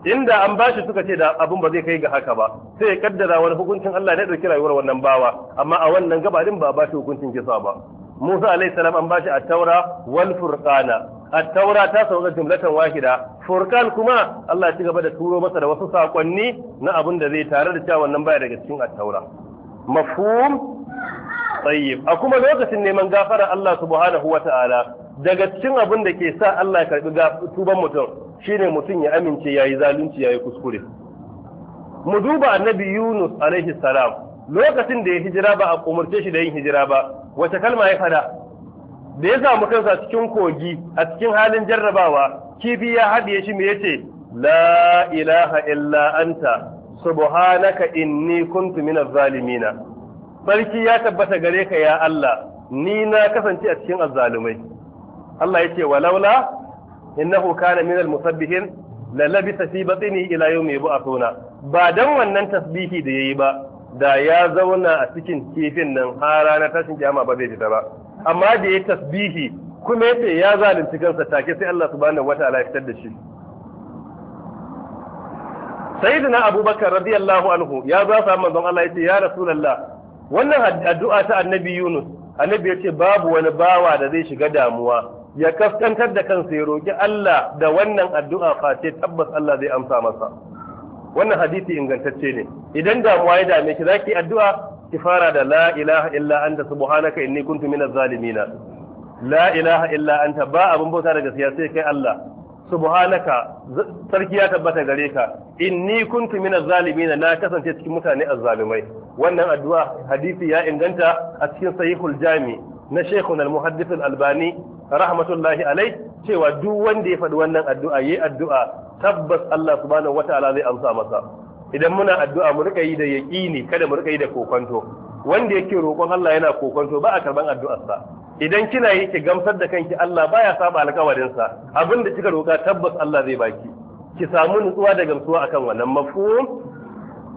inda an bashi suka ce da abun ba zai kai ga haka ba sai ya kaddara wani hukuncin Allah ne dauki rayuwar wannan bawa amma a wannan gabarin ba a bashi hukuncin kisa ba Musa alaihi salam an ba shi at-taura wal furqana at-taura ta sauka jumlatan wahida furqan kuma Allah ya ci gaba da turo masa da wasu sakonni na abun da zai tare da cewa wannan baya daga cikin at-taura mafhum tayyib a kuma lokacin neman gafara Allah subhanahu ta'ala. daga cikin abin da ke sa Allah ya karbi tuban mutum shine mutum ya amince yayi zalunci yayi kuskure mu duba annabi Yunus alaihi salam lokacin da ya hijira ba a umarce shi da yin hijira ba wace kalma ya fada da ya samu kansa cikin kogi a cikin halin jarrabawa kifi ya haɗiye shi me yace la ilaha illa anta subhanaka inni kuntu minaz zalimina sarki ya tabbata gare ka ya Allah ni na kasance a cikin azzalumai Allah yace walaula innahu kana minal musabbihin la labisa fi batni ila yawmi yub'athuna ba dan wannan tasbihi da yayi ba da ya zauna a cikin kifin nan har ranar tashin kiyama ba zai fita ba amma da ya tasbihi kuma yace ya zalunci kansa take sai Allah subhanahu wataala ya fitar da shi sayyidina abubakar radiyallahu anhu ya za su manzon Allah yace ya rasulullah wannan addu'a ta annabi yunus annabi yace babu wani bawa da zai shiga damuwa ya kaskantar da kansa ya roki Allah da wannan addu'a face tabbas Allah zai amsa masa wannan hadisi ingantacce ne idan damuwa ya dame ki zaki addu'a ki fara da la ilaha illa anta subhanaka inni kuntu minaz zalimin la ilaha illa anta ba abun bauta da gaskiya sai kai Allah subhanaka sarki ya tabbata gare ka inni kuntu minaz zalimin na kasance cikin mutane azzalimai wannan addu'a hadisi ya inganta a cikin sahihul jami na shaykhun al-muhaddith al-albani rahmatullahi alai cewa duk wanda ya faɗi wannan addu'a yayi addu'a tabbas Allah subhanahu wataala zai amsa masa idan muna addu'a mu rika yi da yaqini kada mu rika yi da kokonto wanda yake roƙon Allah yana kokonto ba a karban sa idan kina yi ki gamsar da kanki Allah baya saba sa. abinda kika roƙa tabbas Allah zai baki ki samu nutsuwa da gamsuwa akan wannan mafhum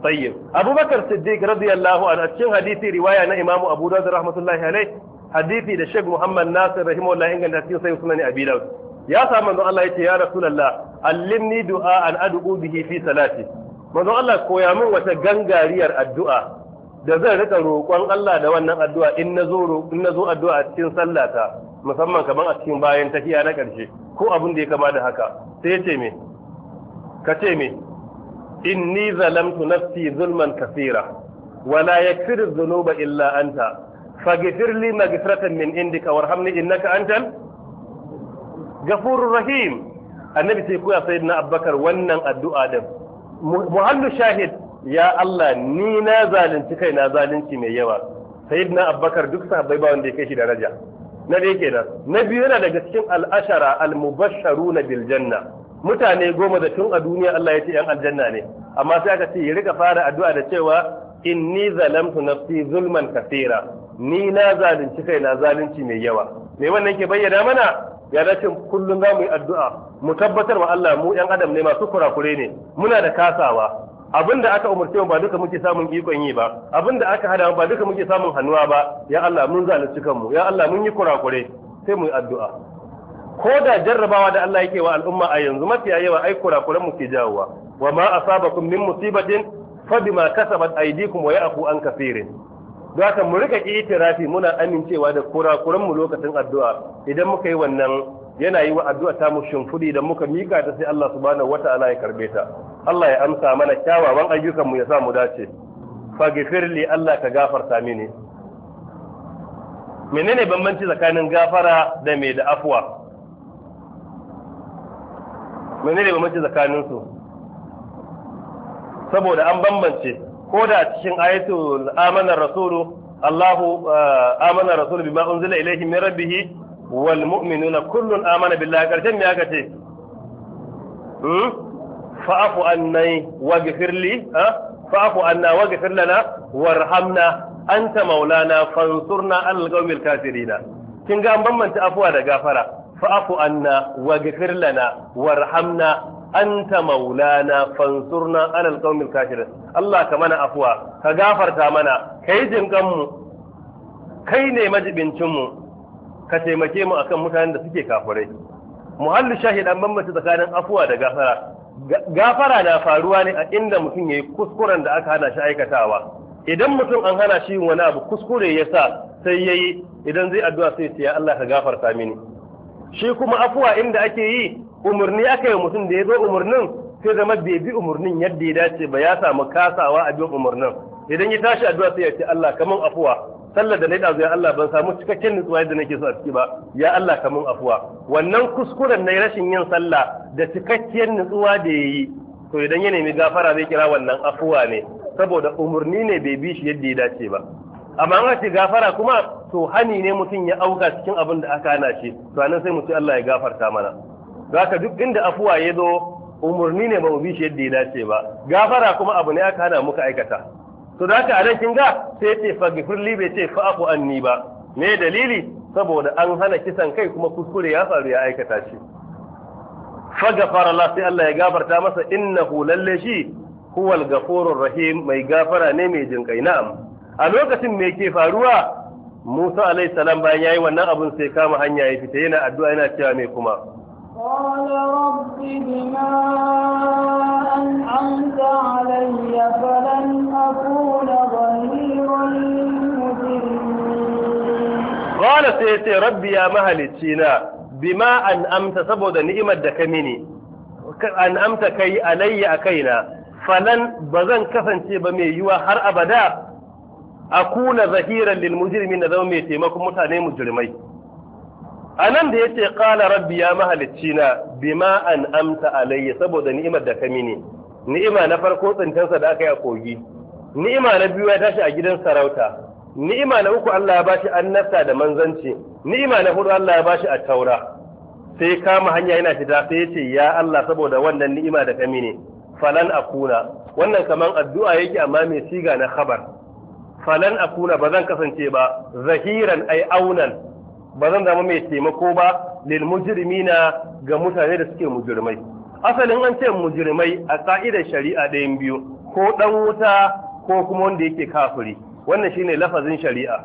tayyib Abubakar Siddiq radiyallahu anhu a cikin hadisi riwaya na Imam Abu Dawud rahmatullahi alaihi hadisi da Sheikh Muhammad Nasir rahimahullah inganta cikin sai sunan Abi Dawud ya sa manzon Allah yace ya Rasulullah allimni du'a an ad'u bihi fi salati manzon Allah koya min wata gangariyar addu'a da zan rika roƙon Allah da wannan addu'a in nazo in nazo addu'a a cikin sallata musamman kaman a cikin bayan tafiya na ƙarshe ko abin da ya kama da haka sai yace me ka ce me inni zalamtu nafsi zulman kaseera wala yaghfiru dhunuba illa anta faghfir li maghfiratan min indika warhamni innaka antal ghafurur rahim annabi sai koya sayyidina abubakar wannan addu'a din muhallu shahid ya Allah ni na zalunci kai na zalunci mai yawa sayyidina abubakar duk sahabbai ba wanda ya kai shi daraja na dai kenan na biyu yana daga cikin al'ashara al-mubashsharuna bil janna mutane goma da tun a duniya Allah ya ce yan aljanna ne amma sai aka ce ya rika fara addu'a da cewa inni zalamtu nafsi zulman kaseera ni na zalunci kai na zalunci mai yawa me wannan ke bayyana mana ya dace kullum za mu yi addu'a mu tabbatar wa Allah mu yan adam ne masu kurakure ne muna da kasawa abin da aka umarce mu ba duka muke samun ikon yi ba abin da aka hada ba duka muke samun hannuwa ba ya Allah mun zalunci kanmu ya Allah mun yi kurakure sai mu yi addu'a ko da jarrabawa da Allah yake wa al'umma a yanzu mafiya yawa ai kurakuran mu ke jawowa wa ma asabakum min musibatin fa bima kasabat aydikum wa ya'fu an kaseerin don haka mu rika itirafi muna amincewa da kurakuran mu lokacin addu'a idan muka yi wannan yana yi wa addu'a ta mu shimfudi idan muka mika ta sai Allah subhanahu wata'ala ya karbe ta Allah ya amsa mana kyawawan ayyukan mu ya sa mu dace faghfir li Allah ka gafarta mini menene bambanci tsakanin gafara da mai da afwa menene bambanci tsakanin su saboda an bambance ko da cikin ayatul amanar rasulu Allahu eh, amanar rasulu bima unzila ilayhi min rabbih wal mu'minuna kullun amana billahi karshen me aka ce hmm fa'fu annai waghfirli ha fa'fu anna waghfir lana warhamna anta maulana fansurna alal qawmil kafirin kin ga an bambanta afuwa da gafara fa'afu anna wa lana warhamna anta maulana fansurna an qaumil kafirin Allah ka mana afuwa, ka gafarta mana kai jinkan mu kai ne majibincin mu ka taimake mu akan mutanen da suke kafirai muhallu shahid ban mace tsakanin afuwa da gafara gafara na faruwa ne a inda mutum yayi kuskuren da aka hana shi aikatawa idan mutum an hana shi wani abu kuskure yasa sai yayi idan zai addu'a sai ya Allah ka gafarta mini shi kuma afuwa inda ake yi umarni aka yi mutum da ya zo umarnin sai zama bai bi umarnin yadda ya dace ba ya samu kasawa a bin umarnin idan ya tashi addu'a sai ya ce Allah kaman afuwa sallar da na ɗazu ya Allah ban samu cikakken nutsuwa da nake so a ciki ba ya Allah kaman afuwa wannan kuskuren na rashin yin sallah da cikakken nutsuwa da ya yi to idan ya nemi gafara zai kira wannan afuwa ne saboda umarni ne bai bi shi yadda ya dace ba amma an ce gafara kuma to hani ne mutum ya auka cikin abin da aka hana shi to anan sai mutum Allah ya gafarta mana zaka duk inda afuwa ya zo umurni ne ba mu bi shi yadda ya dace ba gafara kuma abu ne aka hana muka aikata to da haka anan kin ga sai ya ce li bai ce fa'fu anni ba me dalili saboda an hana kisan kai kuma kuskure ya faru ya aikata shi faghfara Allah sai Allah ya gafarta masa innahu lalle shi huwal ghafurur rahim mai gafara ne mai jinkai na'am a lokacin me ke faruwa Musa alaihi salam bayan yayi wannan abun sai kama hanya ya fita yana addu'a yana cewa me kuma قال رب بما أنعمت علي فلن أكون ظهيرا قال سيتي ربي يا مهلتينا بما أنعمت سبود نعمة دكمني أنعمت كي علي أكينا falan ba zan kasance ba mai yiwa har abada akuna zahiran lil mujrimin na zama mai taimakon mutane mujrimai anan da yace qala rabbi ya mahalicci na bima an amta alayya saboda ni'imar da kami ne ni'ima na farko tsintansa da aka yi a kogi ni'ima na biyu ya tashi a gidan sarauta ni'ima na uku Allah ya bashi annasa da manzanci ni'ima na hudu Allah ya bashi a taura sai kama hanya yana fita sai yace ya Allah saboda wannan ni'ima da kami ne falan akuna wannan kaman addu'a yake amma mai siga na khabar falan akuna ba zan kasance ba zahiran ai aunan ba zan zama mai taimako ba lil mujrimina ga mutane da suke mujrimai asalin an ce mujrimai a ka'idar shari'a ɗayan biyu ko dan wuta ko kuma wanda yake kafiri wannan shine lafazin shari'a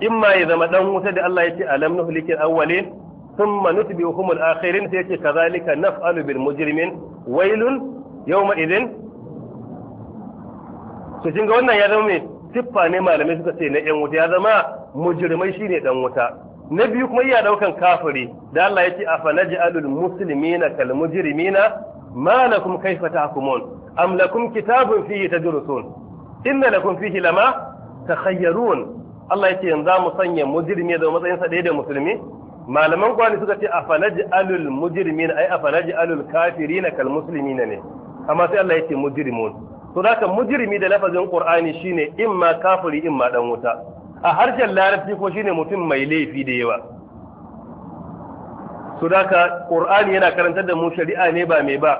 imma ya zama dan wuta da Allah ya ce alam nuhlikil awwalin thumma nutbihum al-akhirin sai yace kazalika naf'alu bil mujrimin wailun yawma idin to kin wannan ya zama mai. siffa ne malamai suka ce na yan wuta ya zama mujrimai shine dan wuta na biyu kuma iya daukan kafiri da Allah yace afanaj'alul muslimina kal mujrimina ma lakum kayfa tahkumun am lakum kitabun fihi tadrusun inna lakum fihi lama takhayyarun Allah yace yanzu mu sanya mujrimi da matsayin sa da musulmi malaman kwani suka ce afanaj'alul mujrimina ay afanaj'alul kafirina kal muslimina ne amma sai Allah yake mujrimun to ka mujrimi da lafazin qur'ani shine imma kafiri imma dan wuta a harshen larabci ko shine mutum mai laifi da yawa to ka qur'ani yana karantar da mu shari'a ne ba mai ba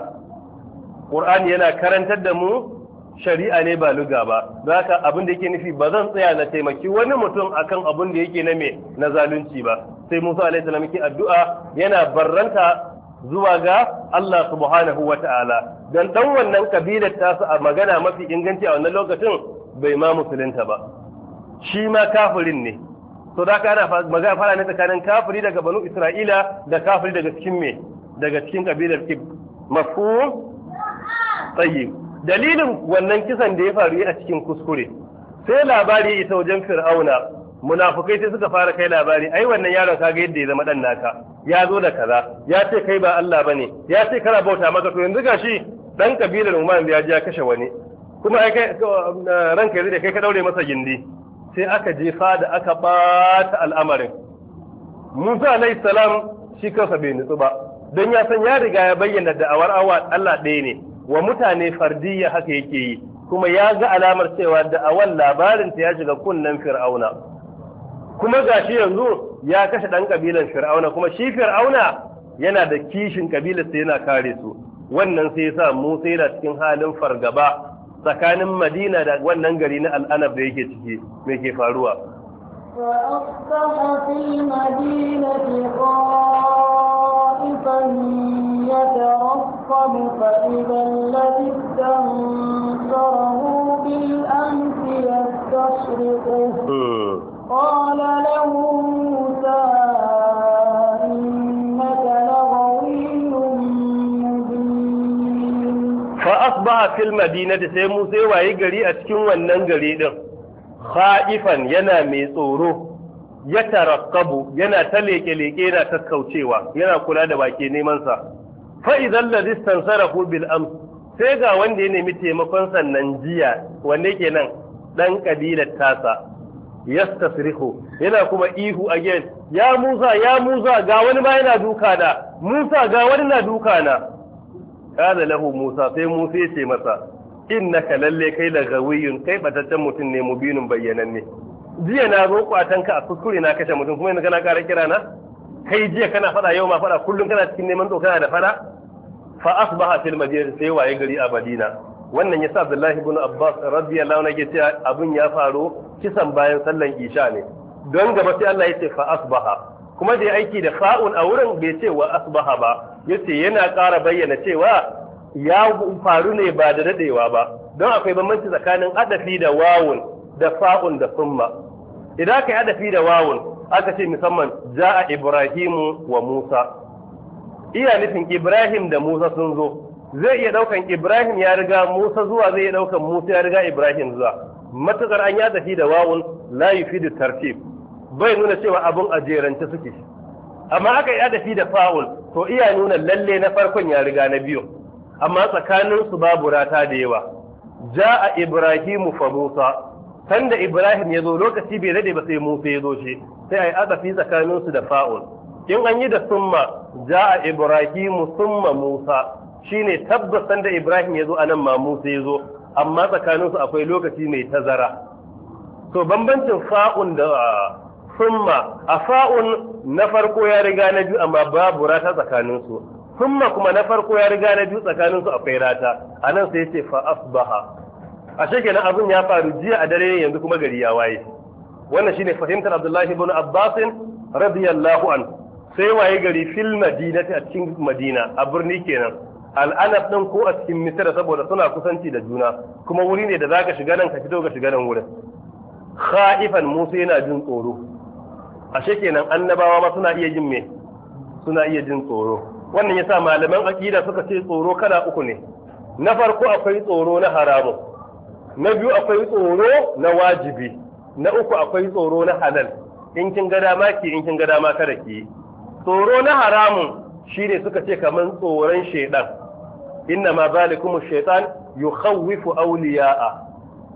qur'ani yana karantar da mu shari'a ne ba luga ba ka abin da yake nufi ba zan tsaya na taimaki wani mutum akan abin da yake na me na zalunci ba sai Musa alaihi salam yake addu'a yana barranta zuwa ga Allah subhanahu wa ta'ala Don ɗan wannan kabilar su a magana mafi inganci a wannan lokacin bai ma musulunta ba shi ma kafirin ne to da ka ana magana fara ne tsakanin kafiri daga banu Isra'ila da kafiri daga cikin me daga cikin kabilar Kib mafhum tayyib dalilin wannan kisan da ya faru a cikin kuskure sai labari ya isa wajen Fir'auna munafukai sai suka fara kai labari ai wannan yaron kaga yadda ya zama dan naka ya zo da kaza ya ce kai ba Allah bane ya ce kana bauta maka to yanzu gashi dan kabilar Umar ya ji ya kashe wani kuma ai kai ranka yanzu da kai ka daure masa gindi sai aka je fada aka bata al'amarin Musa alayhi salam shi kansa bai nutsu ba dan ya san ya riga ya bayyana da'awar awa Allah ɗaya ne wa mutane fardiyya haka yake yi kuma ya ga alamar cewa da'awar labarin ta ya shiga kunnen fir'auna kuma gashi yanzu ya kashe ɗan ƙabilar fir'auna kuma shi fir'auna yana da kishin kabilar sai yana kare su wannan sai sa Musa yana cikin halin fargaba tsakanin Madina da wannan gari na al'anab da yake ciki me ke faruwa فأصبح في قال fil موسى sai musa مبين فأصبح في المدينة سي موسى واي غري أتكين ونن tsoro ya tarakkabu yana ta leƙe leke yana kaucewa, yana kula da baki neman sa fa idan ladhi stansarahu bil am sai ga wanda ya nemi taimakon sannan jiya wanne kenan dan kabilar tasa yastasrihu yana kuma ihu again ya Musa ya Musa ga wani ma yana duka da Musa ga wani na duka na kana lahu Musa sai Musa ya ce masa innaka lalle kai la gawiyun kai bataccen mutum ne mubinun bayyananne jiya na zo atanka a kuskure na kashe mutum kuma yanzu kana ƙara kira na kai jiya kana fada yau ma fada kullum kana cikin neman tsokana da fada fa asbaha fil madina sai waye gari a Madina wannan ya sa Abdullahi ibn Abbas radiyallahu anhu yake cewa abun ya faru kisan bayan sallan isha ne don gaba sai Allah ya ce fa asbaha kuma da aiki da fa'un a wurin bai ce wa asbaha ba yace yana ƙara bayyana cewa ya faru ne ba da dadewa ba don akwai bambanci tsakanin adafi da wawun da fa'un da summa idan aka yi adafi da wawun aka ce musamman ja'a ibrahimu wa musa iya nufin ibrahim da musa sun zo zai iya daukan Ibrahim ya riga Musa zuwa zai iya daukan Musa ya riga Ibrahim zuwa matukar an ya tafi da wawun la yufidu tartib bai nuna cewa abun a jerance suke amma aka ya tafi da faul to iya nuna lalle na farkon ya riga na biyu amma tsakanin su babu rata da yawa ja'a ibrahimu fa Musa Tanda Ibrahim ya zo lokaci bai rade ba sai Musa ya zo shi sai ai fi tsakanin su da fa'ul in an yi da summa ja'a Ibrahimu summa Musa shine tabbas da Ibrahim ya zo anan Mamu sai ya zo amma tsakaninsu akwai lokaci mai tazara to bambancin fa'un da summa ah, a fa'un na farko ya riga na biyu amma babu rata tsakaninsu summa kuma na farko ya riga na biyu tsakaninsu akwai rata anan sai ce fa asbaha a shekenan abin ya faru jiya a dare yanzu kuma gari ya waye wannan shine fahimtar Abdullahi ibn Abbas radiyallahu anhu sai waye gari fil madinati a cikin madina a birni kenan al'anab din ko a cikin misira saboda suna kusanci da juna kuma wuri ne da zaka shiga nan ka fito ka shiga nan wurin kha'ifan musa yana jin tsoro ashe kenan annabawa ma suna iya jin me suna iya jin tsoro wannan yasa malaman aqida suka ce tsoro kala uku ne na farko akwai tsoro na haramu na biyu akwai tsoro na wajibi na uku akwai tsoro na halal in kin ga dama ki in kin ga dama kada ki tsoro na haramun shine suka ce kaman tsoron shedan inna ma zalikum shaytan yukhawwifu awliya'a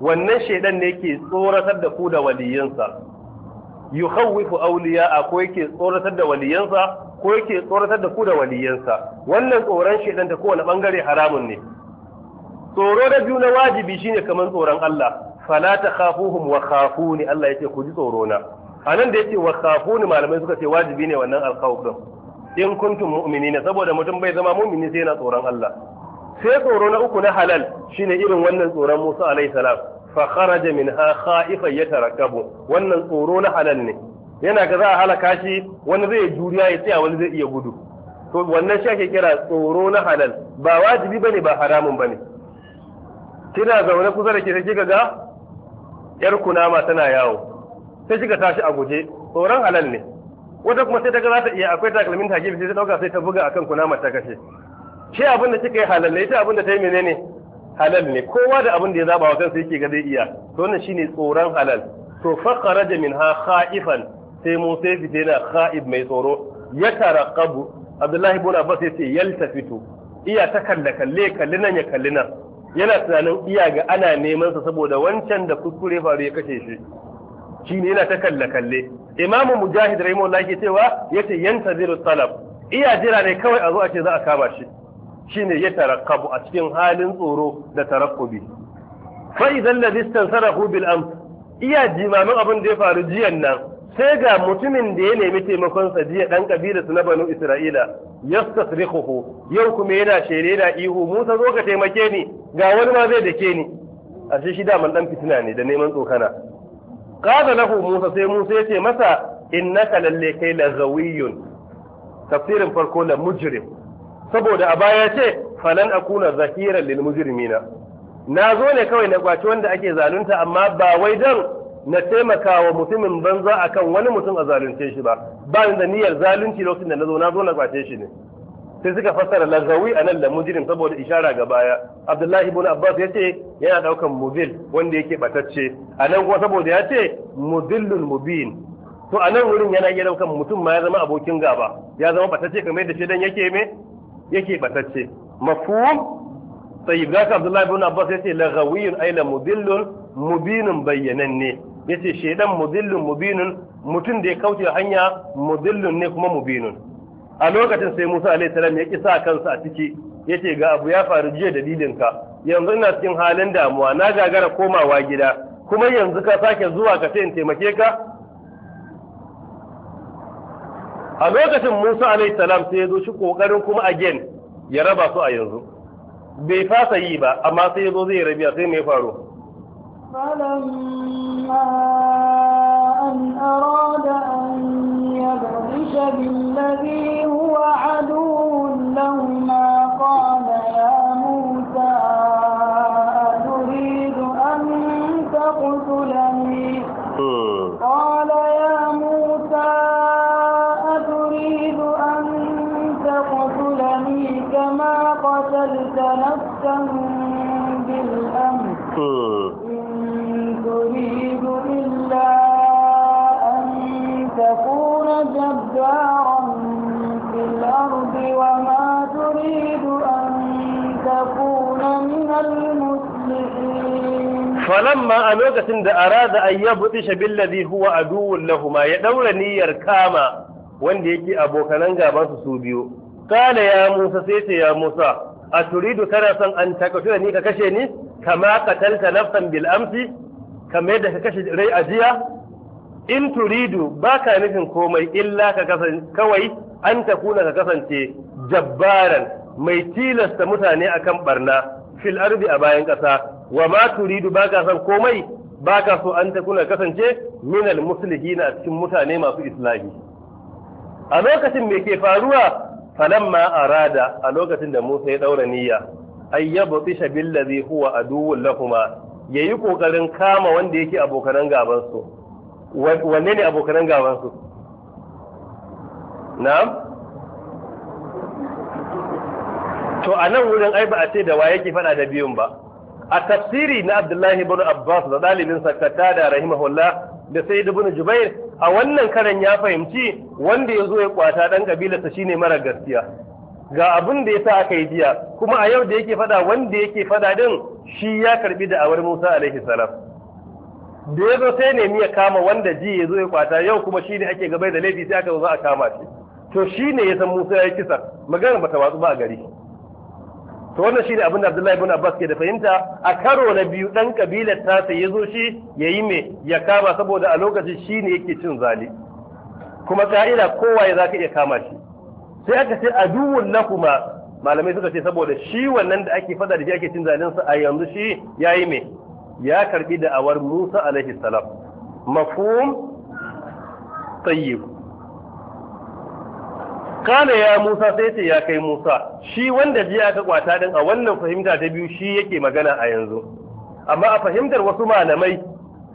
wannan shaidan ne ke tsoratar da ku da waliyansa yukhawwifu awliya'a ko yake tsoratar da waliyansa ko yake tsoratar da ku da waliyansa wannan tsoron shaidan ta kowane bangare haramun ne tsoro da biyu na wajibi shine kaman tsoron Allah fala takhafuhum wa khafuni Allah yake ku ji tsoro na anan da yake wa khafuni malamai suka ce wajibi ne wannan alkhawf din in kuntum mu'minina saboda mutum bai zama mu'mini sai yana tsoron Allah sai tsoro na uku na halal shine irin wannan tsoron Musa alaihi salam fa kharaja minha khaifan yatarakabu wannan tsoro na halal ne yana ga za a halaka shi wani zai juriya ya tsaya wani zai iya gudu to wannan shi ake kira tsoro na halal ba wajibi bane ba haramun bane kina zaune kusa da ke sai kika ga yar kunama tana yawo sai kika tashi a guje tsoron halal ne wata kuma sai ta ga za ta iya akwai takalmin take sai ta dauka sai ta buga akan kunama ta kashe shi abin da kika yi halal ne ita abin da ta yi menene halal ne kowa da abin da ya zaba wa kansa yake ga zai iya to wannan shine tsoron halal to fa kharaja minha khaifan sai Musa ya fita yana khaib mai tsoro ya taraqabu Abdullahi ibn Abbas ya ce yaltafitu iya ta kalle kalle kalle nan ya kalle nan yana tunanin iya ga ana neman sa saboda wancan da kuskure faru ya kashe shi shine yana ta kalle kalle Imam Mujahid rahimahullahi ke cewa yace yantaziru talab iya jira ne kawai a zo a ce za a kama shi shine ya tarakkabu a cikin halin tsoro da tarakkubi fa idan ladhi istansarahu Bil'am, iya jimamin abin da ya faru jiyan nan sai ga mutumin da ya nemi taimakonsa jiya dan kabila su na banu isra'ila yastasrihu yau kuma yana shere da ihu musa zo ka taimake ni ga wani ma zai dake ni ashe shi daman dan fitina ne da neman tsokana qala lahu musa sai musa ya ce masa innaka lalle kai Lazawiyun. tafsirin farko la mujrim saboda a baya ce falan akuna zakiran lil mujrimina na zo ne kawai na kwaci wanda ake zalunta amma ba wai dan na taimaka wa mutumin banza akan wani mutum a zalunce shi ba ba da niyyar zalunci lokacin da na zo na zo na kwace shi ne sai suka fassara lazawi a nan da mujrim saboda ishara ga baya abdullahi ibn abbas ya ce yana daukan mudil wanda yake batacce a nan kuma saboda ya ce mudillul mubin to a nan wurin yana iya daukan mutum ma ya zama abokin gaba ya zama batacce kamar yadda shedan yake me yake batacce mafhum sai ga Abdullahi ibn Abbas yace lagawiyun ay la mudillun mubinun bayyananne yace shedan mudillun mubinun mutum da ya kauce hanya mudillun ne kuma mubinun a lokacin sai Musa alaihi salam ya kisa kansa a ciki yace ga abu ya faru jiya dalilin ka yanzu ina cikin halin damuwa na gagara komawa gida kuma yanzu ka sake zuwa ka in taimake ka a lokacin Musa alaihi salam sai ya zo shi kokarin kuma again ya raba su a yanzu bai fasa yi ba amma sai ya zo zai rabiya sai mai faru أن أراد أن يبطش بالذي هو عدو لهما قال يا موسى أتريد أن تقتلني falamma a lokacin da arada an yi buɗi shabin lazi a duwun lahuma ya ɗaura niyyar kama wanda yake abokanan gaban su su biyu kala ya musa sai ce ya musa a turidu kana son an da ni ka kashe ni kama qatalta nafsan bil amsi kamar yadda ka kashe rai a jiya in turidu ba ka nufin komai illa ka kasance kawai an ta kuna ka kasance jabbaran mai tilasta mutane akan barna fil ardi a bayan kasa, wa ma turidu ba ka son komai Ba ka so an ta takuna kasance minal muslihina a cikin mutane masu islahi a lokacin me ke faruwa falamma arada a lokacin da Musa ya daura niyya ay yabtisha ladhi huwa aduwwun lahuma yayi kokarin kama wanda yake abokan gaban su wanne ne abokan gaban su na'am to anan wurin ai ba a ce da wa yake fada da biyun ba a tafsiri na Abdullahi ibn Abbas da dalilin sa Rahima rahimahullah da Sayyid ibn Jubair a wannan karan ya fahimci wanda ya zo ya kwata ɗan ƙabilarsa shine mara gaskiya ga abin da ya sa aka yi biya kuma a yau da yake fada wanda yake fada din shi ya karɓi da awar Musa alaihi salam da ya zo sai nemi ya kama wanda ji ya zo ya kwata yau kuma shi ne ake gabai da laifi sai aka zo za a kama shi to shine ya san Musa ya kisa magana bata watsu ba a gari to wannan shine abin da Abdullahi ibn Abbas ke da fahimta a karo na biyu dan kabilar ta ya zo shi yayi me ya kama saboda a lokacin ne yake cin zali kuma ka'ida kowa ya zaka iya kama shi sai aka ce aduwwun lakuma malamai suka ce saboda shi wannan da ake fada da shi ake cin zalin sa a yanzu shi yayi me ya karbi awar Musa alaihi salam mafhum tayyib kana ya Musa sai ce ya kai Musa shi wanda jiya aka kwata din a wannan fahimta ta biyu shi yake magana a yanzu amma a fahimtar wasu malamai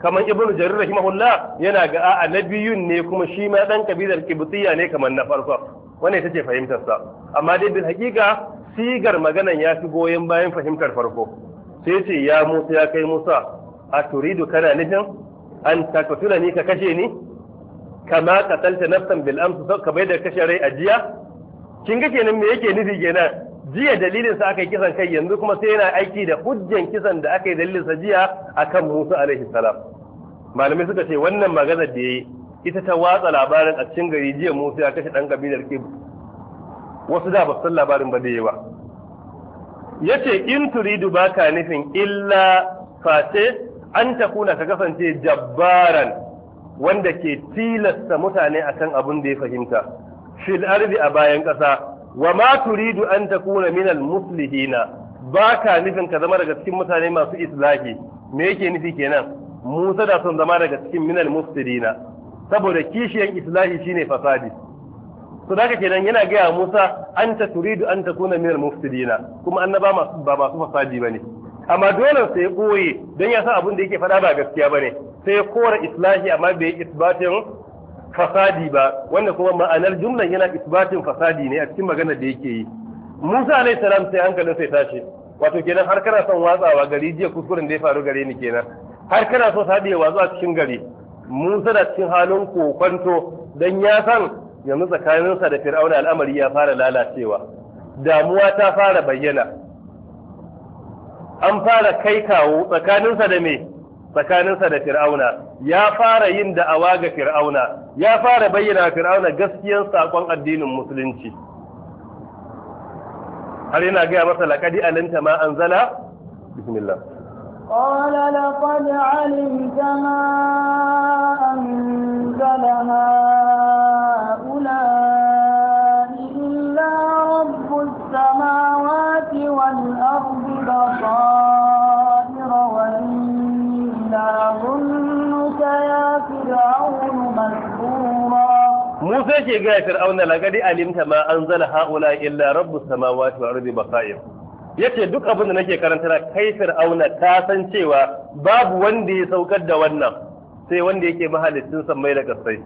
kamar Ibn Jarir rahimahullah yana ga a annabiyun ne kuma shi ma dan kabilar Qibtiyya ne kamar na farko wannan ita ce fahimtar sa amma dai bil hakika sigar maganan ya fi goyen bayan fahimtar farko sai ce ya Musa ya kai Musa a turidu kana nufin an takatula ni ka kashe ni kama qatalta nafsan bil amsu sau kamar yadda kashe rai a jiya kin ga kenan me yake nufi kenan jiya dalilin sa aka kisan kai yanzu kuma sai yana aiki da hujjan kisan da aka yi dalilin sa jiya akan Musa alaihi salam malamai suka ce wannan maganar da yayi ita ta watsa labarin a cikin gari jiya Musa ya kashe dan kabilar Kib wasu da ba san labarin ba da yawa yace in turidu baka nufin illa fate an takuna ka kasance jabbaran wanda ke tilasta mutane akan abin da ya fahimta fil arzi a bayan ƙasa wa ma turidu an kuna minal muslihina ba ka nufin ka zama daga cikin mutane masu islahi me yake nufi kenan Musa da sun zama daga cikin minal mufsidina saboda kishiyan islahi shine fasadi to da kenan yana gaya Musa an ta turidu an kuna minal mufsidina kuma annaba masu ba masu fasadi bane amma dole sai ya don ya san da yake faɗa ba gaskiya bane sai kora islahi amma bai isbatin fasadi ba wanda kuma ma'anar jumlan yana isbatin fasadi ne a cikin magana da yake yi Musa alaihi salam sai hankalin sai tashi wato kenan har kana son watsawa gari jiya kuskuren da ya faru gare ni kenan har kana so sabi ya watsu a cikin gari Musa da cikin halin kokonto dan ya san yanzu tsakaninsa da Fir'auna al'amari ya fara lalacewa damuwa ta fara bayyana an fara kai kawo tsakaninsa da me tsakaninsa da fir'auna ya fara yin da'awa ga fir'auna ya fara bayyana fir'auna gaskiyan sakon addinin musulunci har yana gaya masa laƙadi alinta ma anzala bismillah قال لقد علمت ما أنزل هؤلاء إلا رب السماوات والأرض بصائر وإن Musa ke gaya fir'auna lagari alimta ma an zala ha'ula illa rabbu samawati wal ardi basair yace duk abin da nake karanta kai fir'auna ta san cewa babu wanda ya saukar da wannan sai wanda yake mahalicin mai da kasai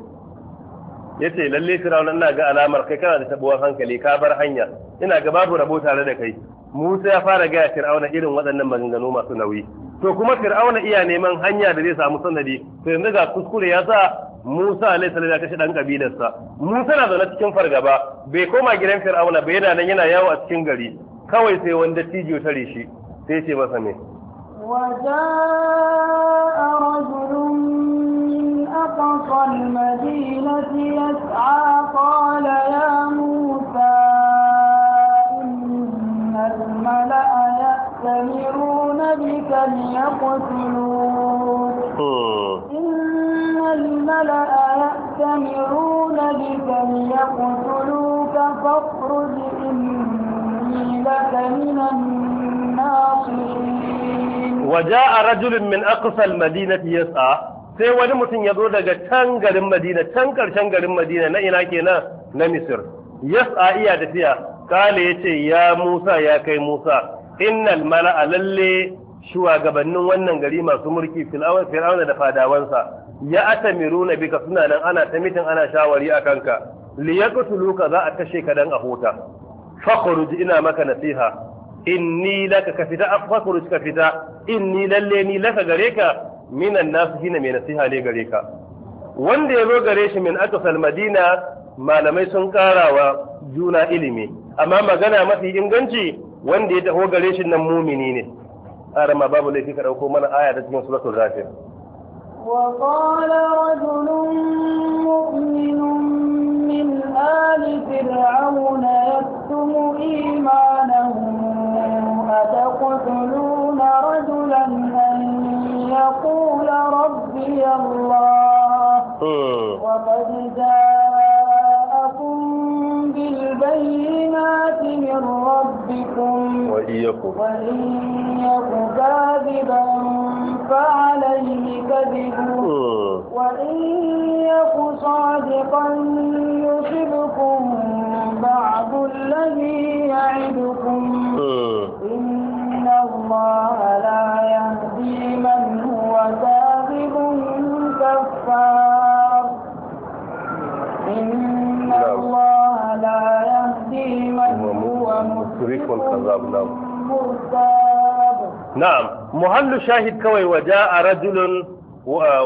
yace lalle fir'auna ina ga alamar kai kana da tabuwar hankali ka bar hanya ina ga babu rabo tare da kai Musa ya fara gaya fir'auna irin waɗannan maganganu masu nauyi to kuma fir'auna iya neman hanya da zai samu sanadi to yanzu ga kuskure ya sa Musa alaihi salam ya kashe dan kabilarsa Musa na zaune cikin fargaba bai koma gidan fir'auna bai yana nan yana yawo a cikin gari kawai sai wanda tijo tare shi sai ce masa ne. بك a hmm. إن الملأ يأتمرون بك ليقتلوك وجاء رجل من أقصى المدينة يسعى sai wani mutum ya zo daga can garin Madina can karshen garin Madina na ina kenan na Misir yas'a iya tafiya kale yace ya Musa ya kai Musa innal mala'a lalle shugabannin wannan gari masu mulki fir'auna da fadawansa ya atamiruna bika suna nan ana ta mitin ana shawari a kanka li ka za a kashe ka dan a hota fakhruj ina maka nasiha inni laka ka fita fakhruj ka fita inni lalle ni laka gare ka minan nasu hina mai nasiha ne gare ka wanda ya zo gare shi min akasal madina malamai sun karawa juna ilimi amma magana mafi inganci wanda ya taho gare shi nan mumini ne arama babu laifi ka dauko mana aya ta cikin suratul ghafir وقال رجل مؤمن من آل فرعون يكتم إيمانه أتقتلون رجلا أن يقول ربي الله وقد جاء بالبينات من ربكم وإن يك كاذبا فعليه كذبه وإن يك صادقا يصبكم بعض الذي يعدكم إن الله لا يهدي من هو كاذب كفار إن الله ولا يهدي من هو مسرف كذاب نعم محل شاهد كوي وجاء رجل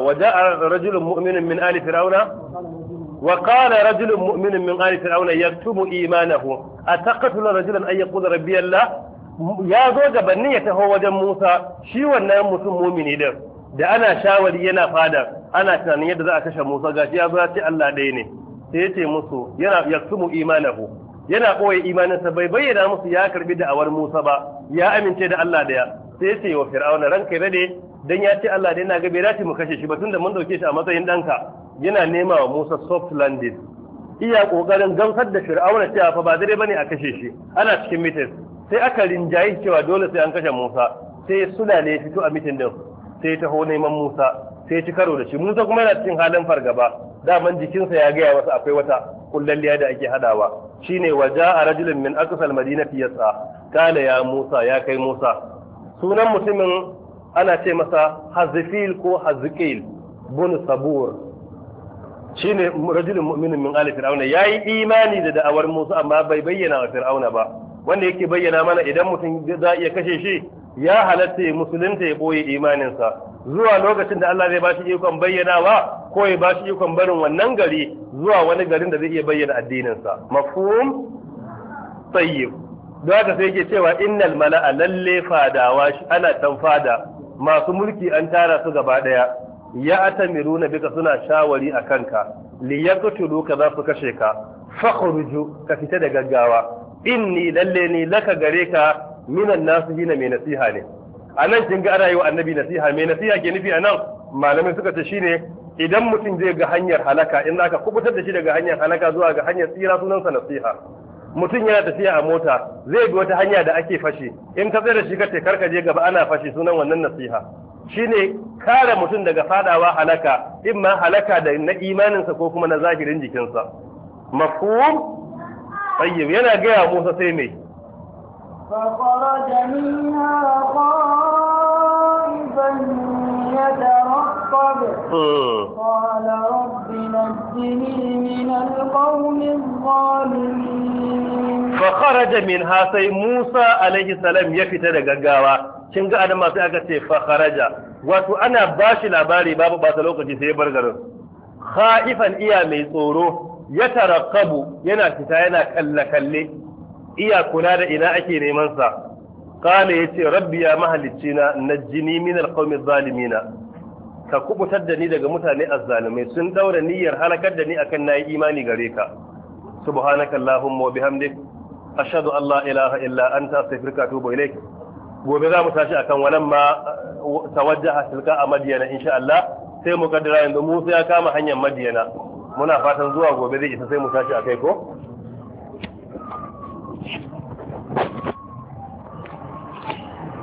وجاء رجل مؤمن من آل فرعون وقال رجل مؤمن من آل فرعون يكتم إيمانه أتقتل رجلا أن يقول ربي الله ya zo bannin ya taho wajen Musa shi wannan mutum mumini din da ana shawari yana fada ana tunanin yadda za a kashe Musa gashi ya zo ya ce Allah ɗaya ne sai yace musu yana mu imanahu yana boye imaninsa bai bayyana musu ya karbi awar Musa ba ya amince da Allah daya sai yace wa fir'auna ranka dade dan ya ce Allah dai na ga bai dace mu kashe shi ba tunda mun dauke shi a matsayin danka yana nema wa Musa soft landing iya kokarin gamsar da fir'auna cewa fa ba dare bane a kashe shi ana cikin mitin sai aka rinjayi cewa dole sai an kashe Musa sai suna ne fito a mitin din sai taho neman Musa sai ci karo da shi Musa kuma yana cikin halin fargaba daman jikinsa ya gaya masa akwai wata kullalliya da ake hadawa shine waja a rajulin min aqsal fi yas'a kana ya Musa ya kai Musa sunan mutumin ana ce masa Hazifil ko Hazqil bun Sabur shine rajulun mu'minin min ali fir'auna yayi imani da da'awar Musa amma bai bayyana wa fir'auna ba wanda yake bayyana mana idan mutum za iya kashe shi ya halatta musulunta ya boye imaninsa zuwa lokacin da Allah zai ba shi ikon bayyanawa ko ya ba shi ikon barin wannan gari zuwa wani garin da zai iya bayyana addininsa mafhum tayyib don haka sai yake cewa innal mala'a lalle fadawa shi ana tan masu mulki an tara su gaba daya ya atamiruna bika suna shawari a kanka li yaqtulu ka za su kashe ka fakhruju ka fita da gaggawa inni lalle ni laka gare ka minan nasu hina mai nasiha ne a nan kin ga ana annabi nasiha me nasiha ke nufi a nan malamai suka ce shine idan mutum zai ga hanyar halaka in zaka kubutar da shi daga hanyar halaka zuwa ga hanyar tsira sunansa nasiha mutum yana tafiya a mota zai bi wata hanya da ake fashi in ka tsaya da shi kace karka je gaba ana fashi sunan wannan nasiha shine kare mutum daga fadawa halaka in ma halaka da na imaninsa ko kuma na zahirin jikinsa mafhum tayyib yana gaya Musa sai mai فخرج منها خائفا يترقب قال رب نجني من القوم الظالمين فخرج منها سي موسى عليه السلام يفت دغغاوا kin ga adama sai aka ce fa kharaja wato ana bashi labari babu ba lokaci sai ya bar garin khaifan iya mai tsoro ya tarakabu yana fita yana kalle kalle iya kula da ina ake neman sa qala yace rabbi ya mahalicci na najjini min alqawmi zalimina ka kubutar da ni daga mutane azzalumai sun daura niyyar halakar da ni akan nayi imani gare ka subhanaka allahumma wa bihamdik ashhadu an la ilaha illa anta astaghfiruka wa atubu ilaik gobe za mu tashi akan wannan ma tawajjaha tilka a madiyana insha Allah sai mu kaddara yanzu Musa ya kama hanyar madiyana muna fatan zuwa gobe zai isa sai mu tashi akai ko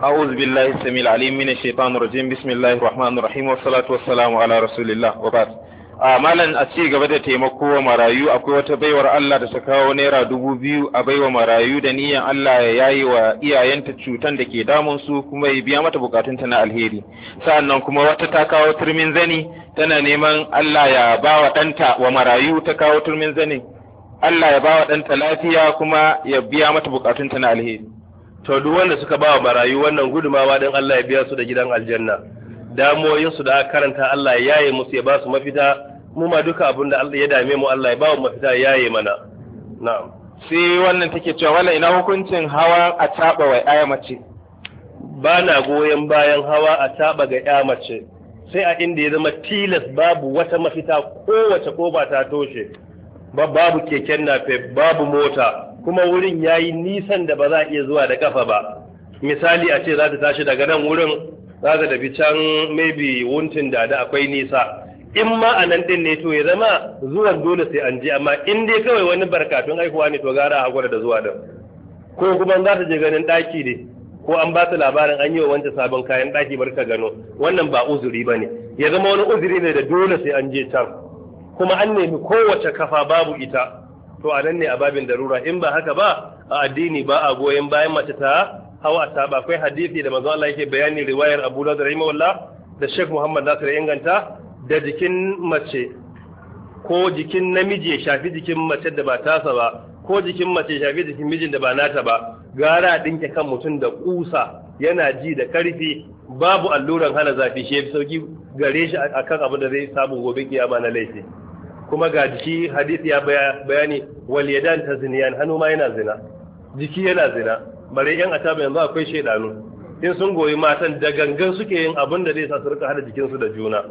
أعوذ بالله السميع العليم من الشيطان الرجيم بسم الله الرحمن الرحيم والصلاة والسلام على رسول الله وبعد malam a ci gaba da taimako wa marayu akwai wata baiwar Allah da ta kawo naira dubu biyu a baiwa marayu da niyan Allah ya yayi wa iyayenta cutan da ke damun su kuma ya biya mata bukatunta na alheri sa'annan kuma wata ta kawo turmin zani tana neman Allah ya ba wa ɗanta wa marayu ta kawo turmin zanin. Allah ya bawa ɗanta lafiya kuma ya biya mata bukatunta na alheri to duk wanda suka bawa marayu wannan gudumawa don Allah ya biya su da gidan aljanna damoyin su da karanta Allah ya yaye musu ya ba su mafita mu ma duka abin da Allah ya dame mu Allah ya ba mu mafita ya yaye mana na'am sai wannan take cewa wannan ina hukuncin hawa a taba wa aya mace ba na goyon bayan hawa a taba ga ya mace sai a inda ya zama tilas babu wata mafita kowace ko ta toshe babu keken nafe babu mota kuma wurin yayi nisan da ba za a iya zuwa da kafa ba misali a ce za ta tashi daga nan wurin za ta tafi can maybe wuntin da da akwai nisa in ma a nan ɗin ne to ya zama zuwan dole sai an je amma in dai kawai wani barkatun aihuwa ne to gara a hakura da zuwa da ko kuma za ta je ganin ɗaki ne ko an ba ta labarin an yi wa wancan sabon kayan ɗaki barka gano wannan ba uzuri ba ne ya zama wani uzuri ne da dole sai an je can kuma an nemi kowace kafa babu ita to a nan ne a babin darura in ba haka ba a addini ba a goyon bayan mace ta hawa ta ba akwai hadisi da manzo Allah yake bayani riwayar Abu Dawud rahimahullah da Sheikh Muhammad Nasir inganta da jikin mace ko jikin namiji ya shafi jikin mace da ba tasa ba ko jikin mace ya shafi jikin mijin da ba nata ba gara dinke kan mutum da kusa yana ji da karfi babu alluran hana zafi shi ya fi sauki gare shi akan abu da zai samu gobe kiyama na laifi kuma ga jiki hadisi ya bayani wal yadan tazniyan hannu ma yana zina jiki yana zina bare yan ataba yanzu akwai shedanu in sun goyi matan da gangan suke yin abin da zai sa su rika hada jikin su da juna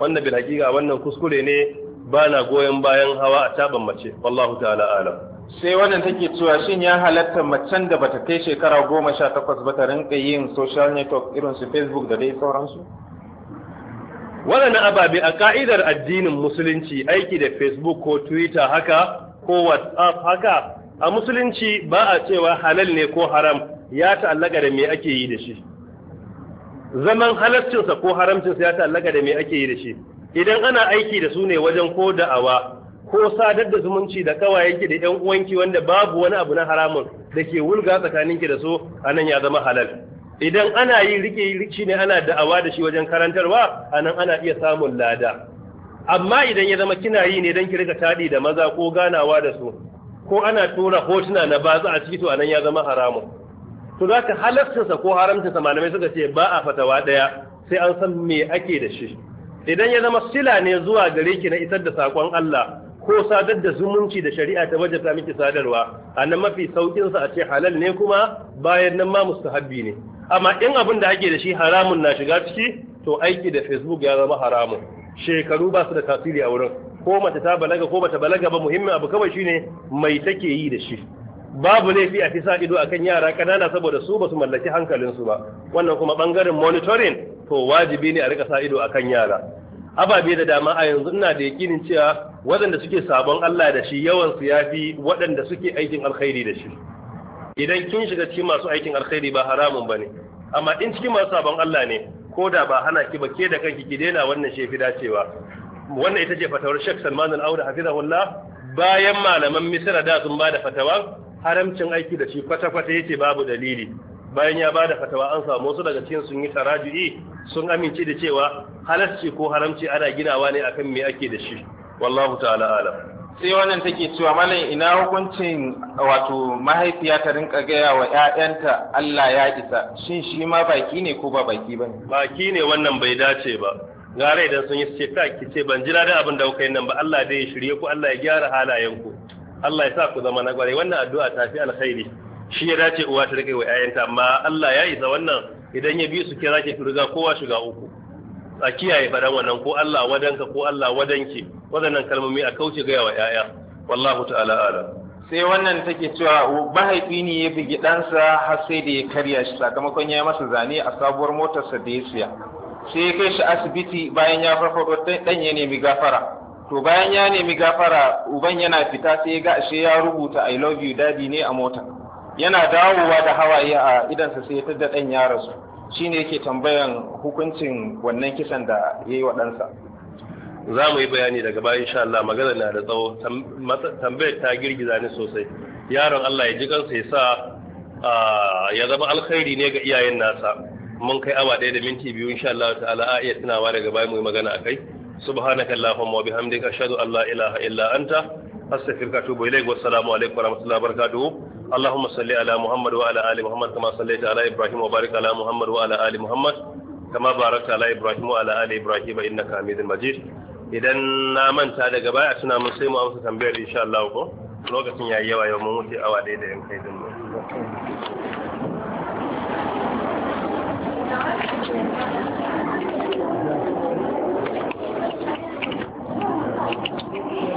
wannan bil hakika wannan kuskure ne ba na goyon bayan hawa a taban mace wallahu ta'ala alam sai wannan take cewa shin ya halatta macen da bata kai shekara goma sha takwas ba ta rinka yin social network irin su facebook da dai sauransu waɗannan ababe a ka'idar addinin musulunci aiki da facebook ko twitter haka ko whatsapp haka a musulunci ba a cewa halal ne ko haram ya ta'allaka da me ake yi da shi zaman halarcinsa ko haramcinsa ya ta'allaka da me ake yi da shi idan ana aiki da su ne wajen ko da'awa ko sadar da zumunci da kawayenki da yan uwanki wanda babu wani abu na haramun da ke wulga tsakaninki da su anan ya zama halal idan ana yi rike rike ne ana da'awa da shi wajen karantarwa anan ana iya samun lada amma idan ya zama kina yi ne don ki rika taɗi da maza ko ganawa da su ko ana tura hotuna na batsa a ciki to anan ya zama haramu to za ka halartarsa ko haramtarsa malamai suka ce ba a fatawa daya sai an san me ake da shi idan ya zama sila ne zuwa gare ki na isar da sakon Allah ko sadar da zumunci da shari'a ta wajen miki sadarwa nan mafi saukin sa a ce halal ne kuma bayan nan ma mustahabbi ne amma in abin da ake da shi haramun na shiga ciki to aiki da facebook ya zama haramun shekaru ba su da tasiri a wurin ko mace ta balaga ko bata balaga ba muhimmin abu kawai shine mai take yi da shi babu laifi a fi sa ido akan yara kanana saboda su basu mallaki hankalinsu ba wannan kuma bangaren monitoring to wajibi ne a rika sa ido akan yara ababe da dama a yanzu ina da yakinin cewa waɗanda suke sabon Allah da shi yawan su yafi waɗanda suke aikin alkhairi da shi idan kin shiga cikin masu aikin alkhairi ba haramun bane amma in cikin masu sabon Allah ne ko da ba hana ki ba ke da kanki ki daina wannan shefi dacewa wannan ita ce fatawar Sheikh Salman Al-Auda hafizahullah bayan malaman Misra da sun bada fatawa haramcin aiki da shi kwata-kwata yace babu dalili bayan ya bada fatawa an samu wasu daga cikin sun yi taraji'i sun amince da cewa halarci ko haramci ana ginawa ne akan me ake da shi wallahu ta'ala alam sai wannan take cewa malam ina hukuncin wato mahaifiya ta rinka gaya wa ƴaƴanta Allah ya isa shin shi ma baki ne ko ba baki bane baki ne wannan bai dace ba gara idan sun yi su ce ki ce ban ji da abin da kuka yi nan ba Allah dai ya shirye ku Allah ya gyara halayen ku Allah ya sa ku zama na kwarai wannan addu'a ta fi alkhairi shi ya dace uwa ta rike wa ƴaƴanta amma Allah ya isa wannan idan ya bi su kira ki riga kowa shiga uku a kiyaye faɗan wannan ko Allah wadanka ko Allah wadanki waɗannan kalmomi a kauce gaya wa 'ya'ya wallahu ta'ala alam sai wannan take cewa mahaifi ne ya bugi ɗansa har sai da ya karya shi sakamakon ya yi masa zane a sabuwar motarsa da ya siya sai ya kai shi asibiti bayan ya farfaɗo ɗan ya nemi gafara to bayan ya nemi gafara uban yana fita sai ya ga ashe ya rubuta I love you daddy ne a mota yana dawowa da hawaye a idansa sai ya tadda ɗan ya rasu Shi ne yake tambayan hukuncin wannan kisan da ya yi waɗansa za mu yi bayani daga baya insha Allah magana na da tsawo tambayar ta girgiza ni sosai yaron Allah ya ji kansa ya sa ya zama alkhairi ne ga iyayen nasa mun kai awa ɗaya da minti biyu insha Allah ta'ala a iya tunawa daga baya mu yi magana akai subhanakallahumma wa bihamdika ashhadu an la ilaha illa anta أستغفرك وأتوب إليك والسلام عليكم ورحمة الله وبركاته اللهم صل على محمد وعلى آل محمد كما صليت على إبراهيم وبارك على محمد وعلى آل محمد كما باركت على إبراهيم وعلى آل إبراهيم إنك حميد مجيد idan na manta daga baya tuna mun sai mu amsa tambayar insha Allah ko lokacin yayi yawa yau mun wuce awa ɗaya da yan kai din Thank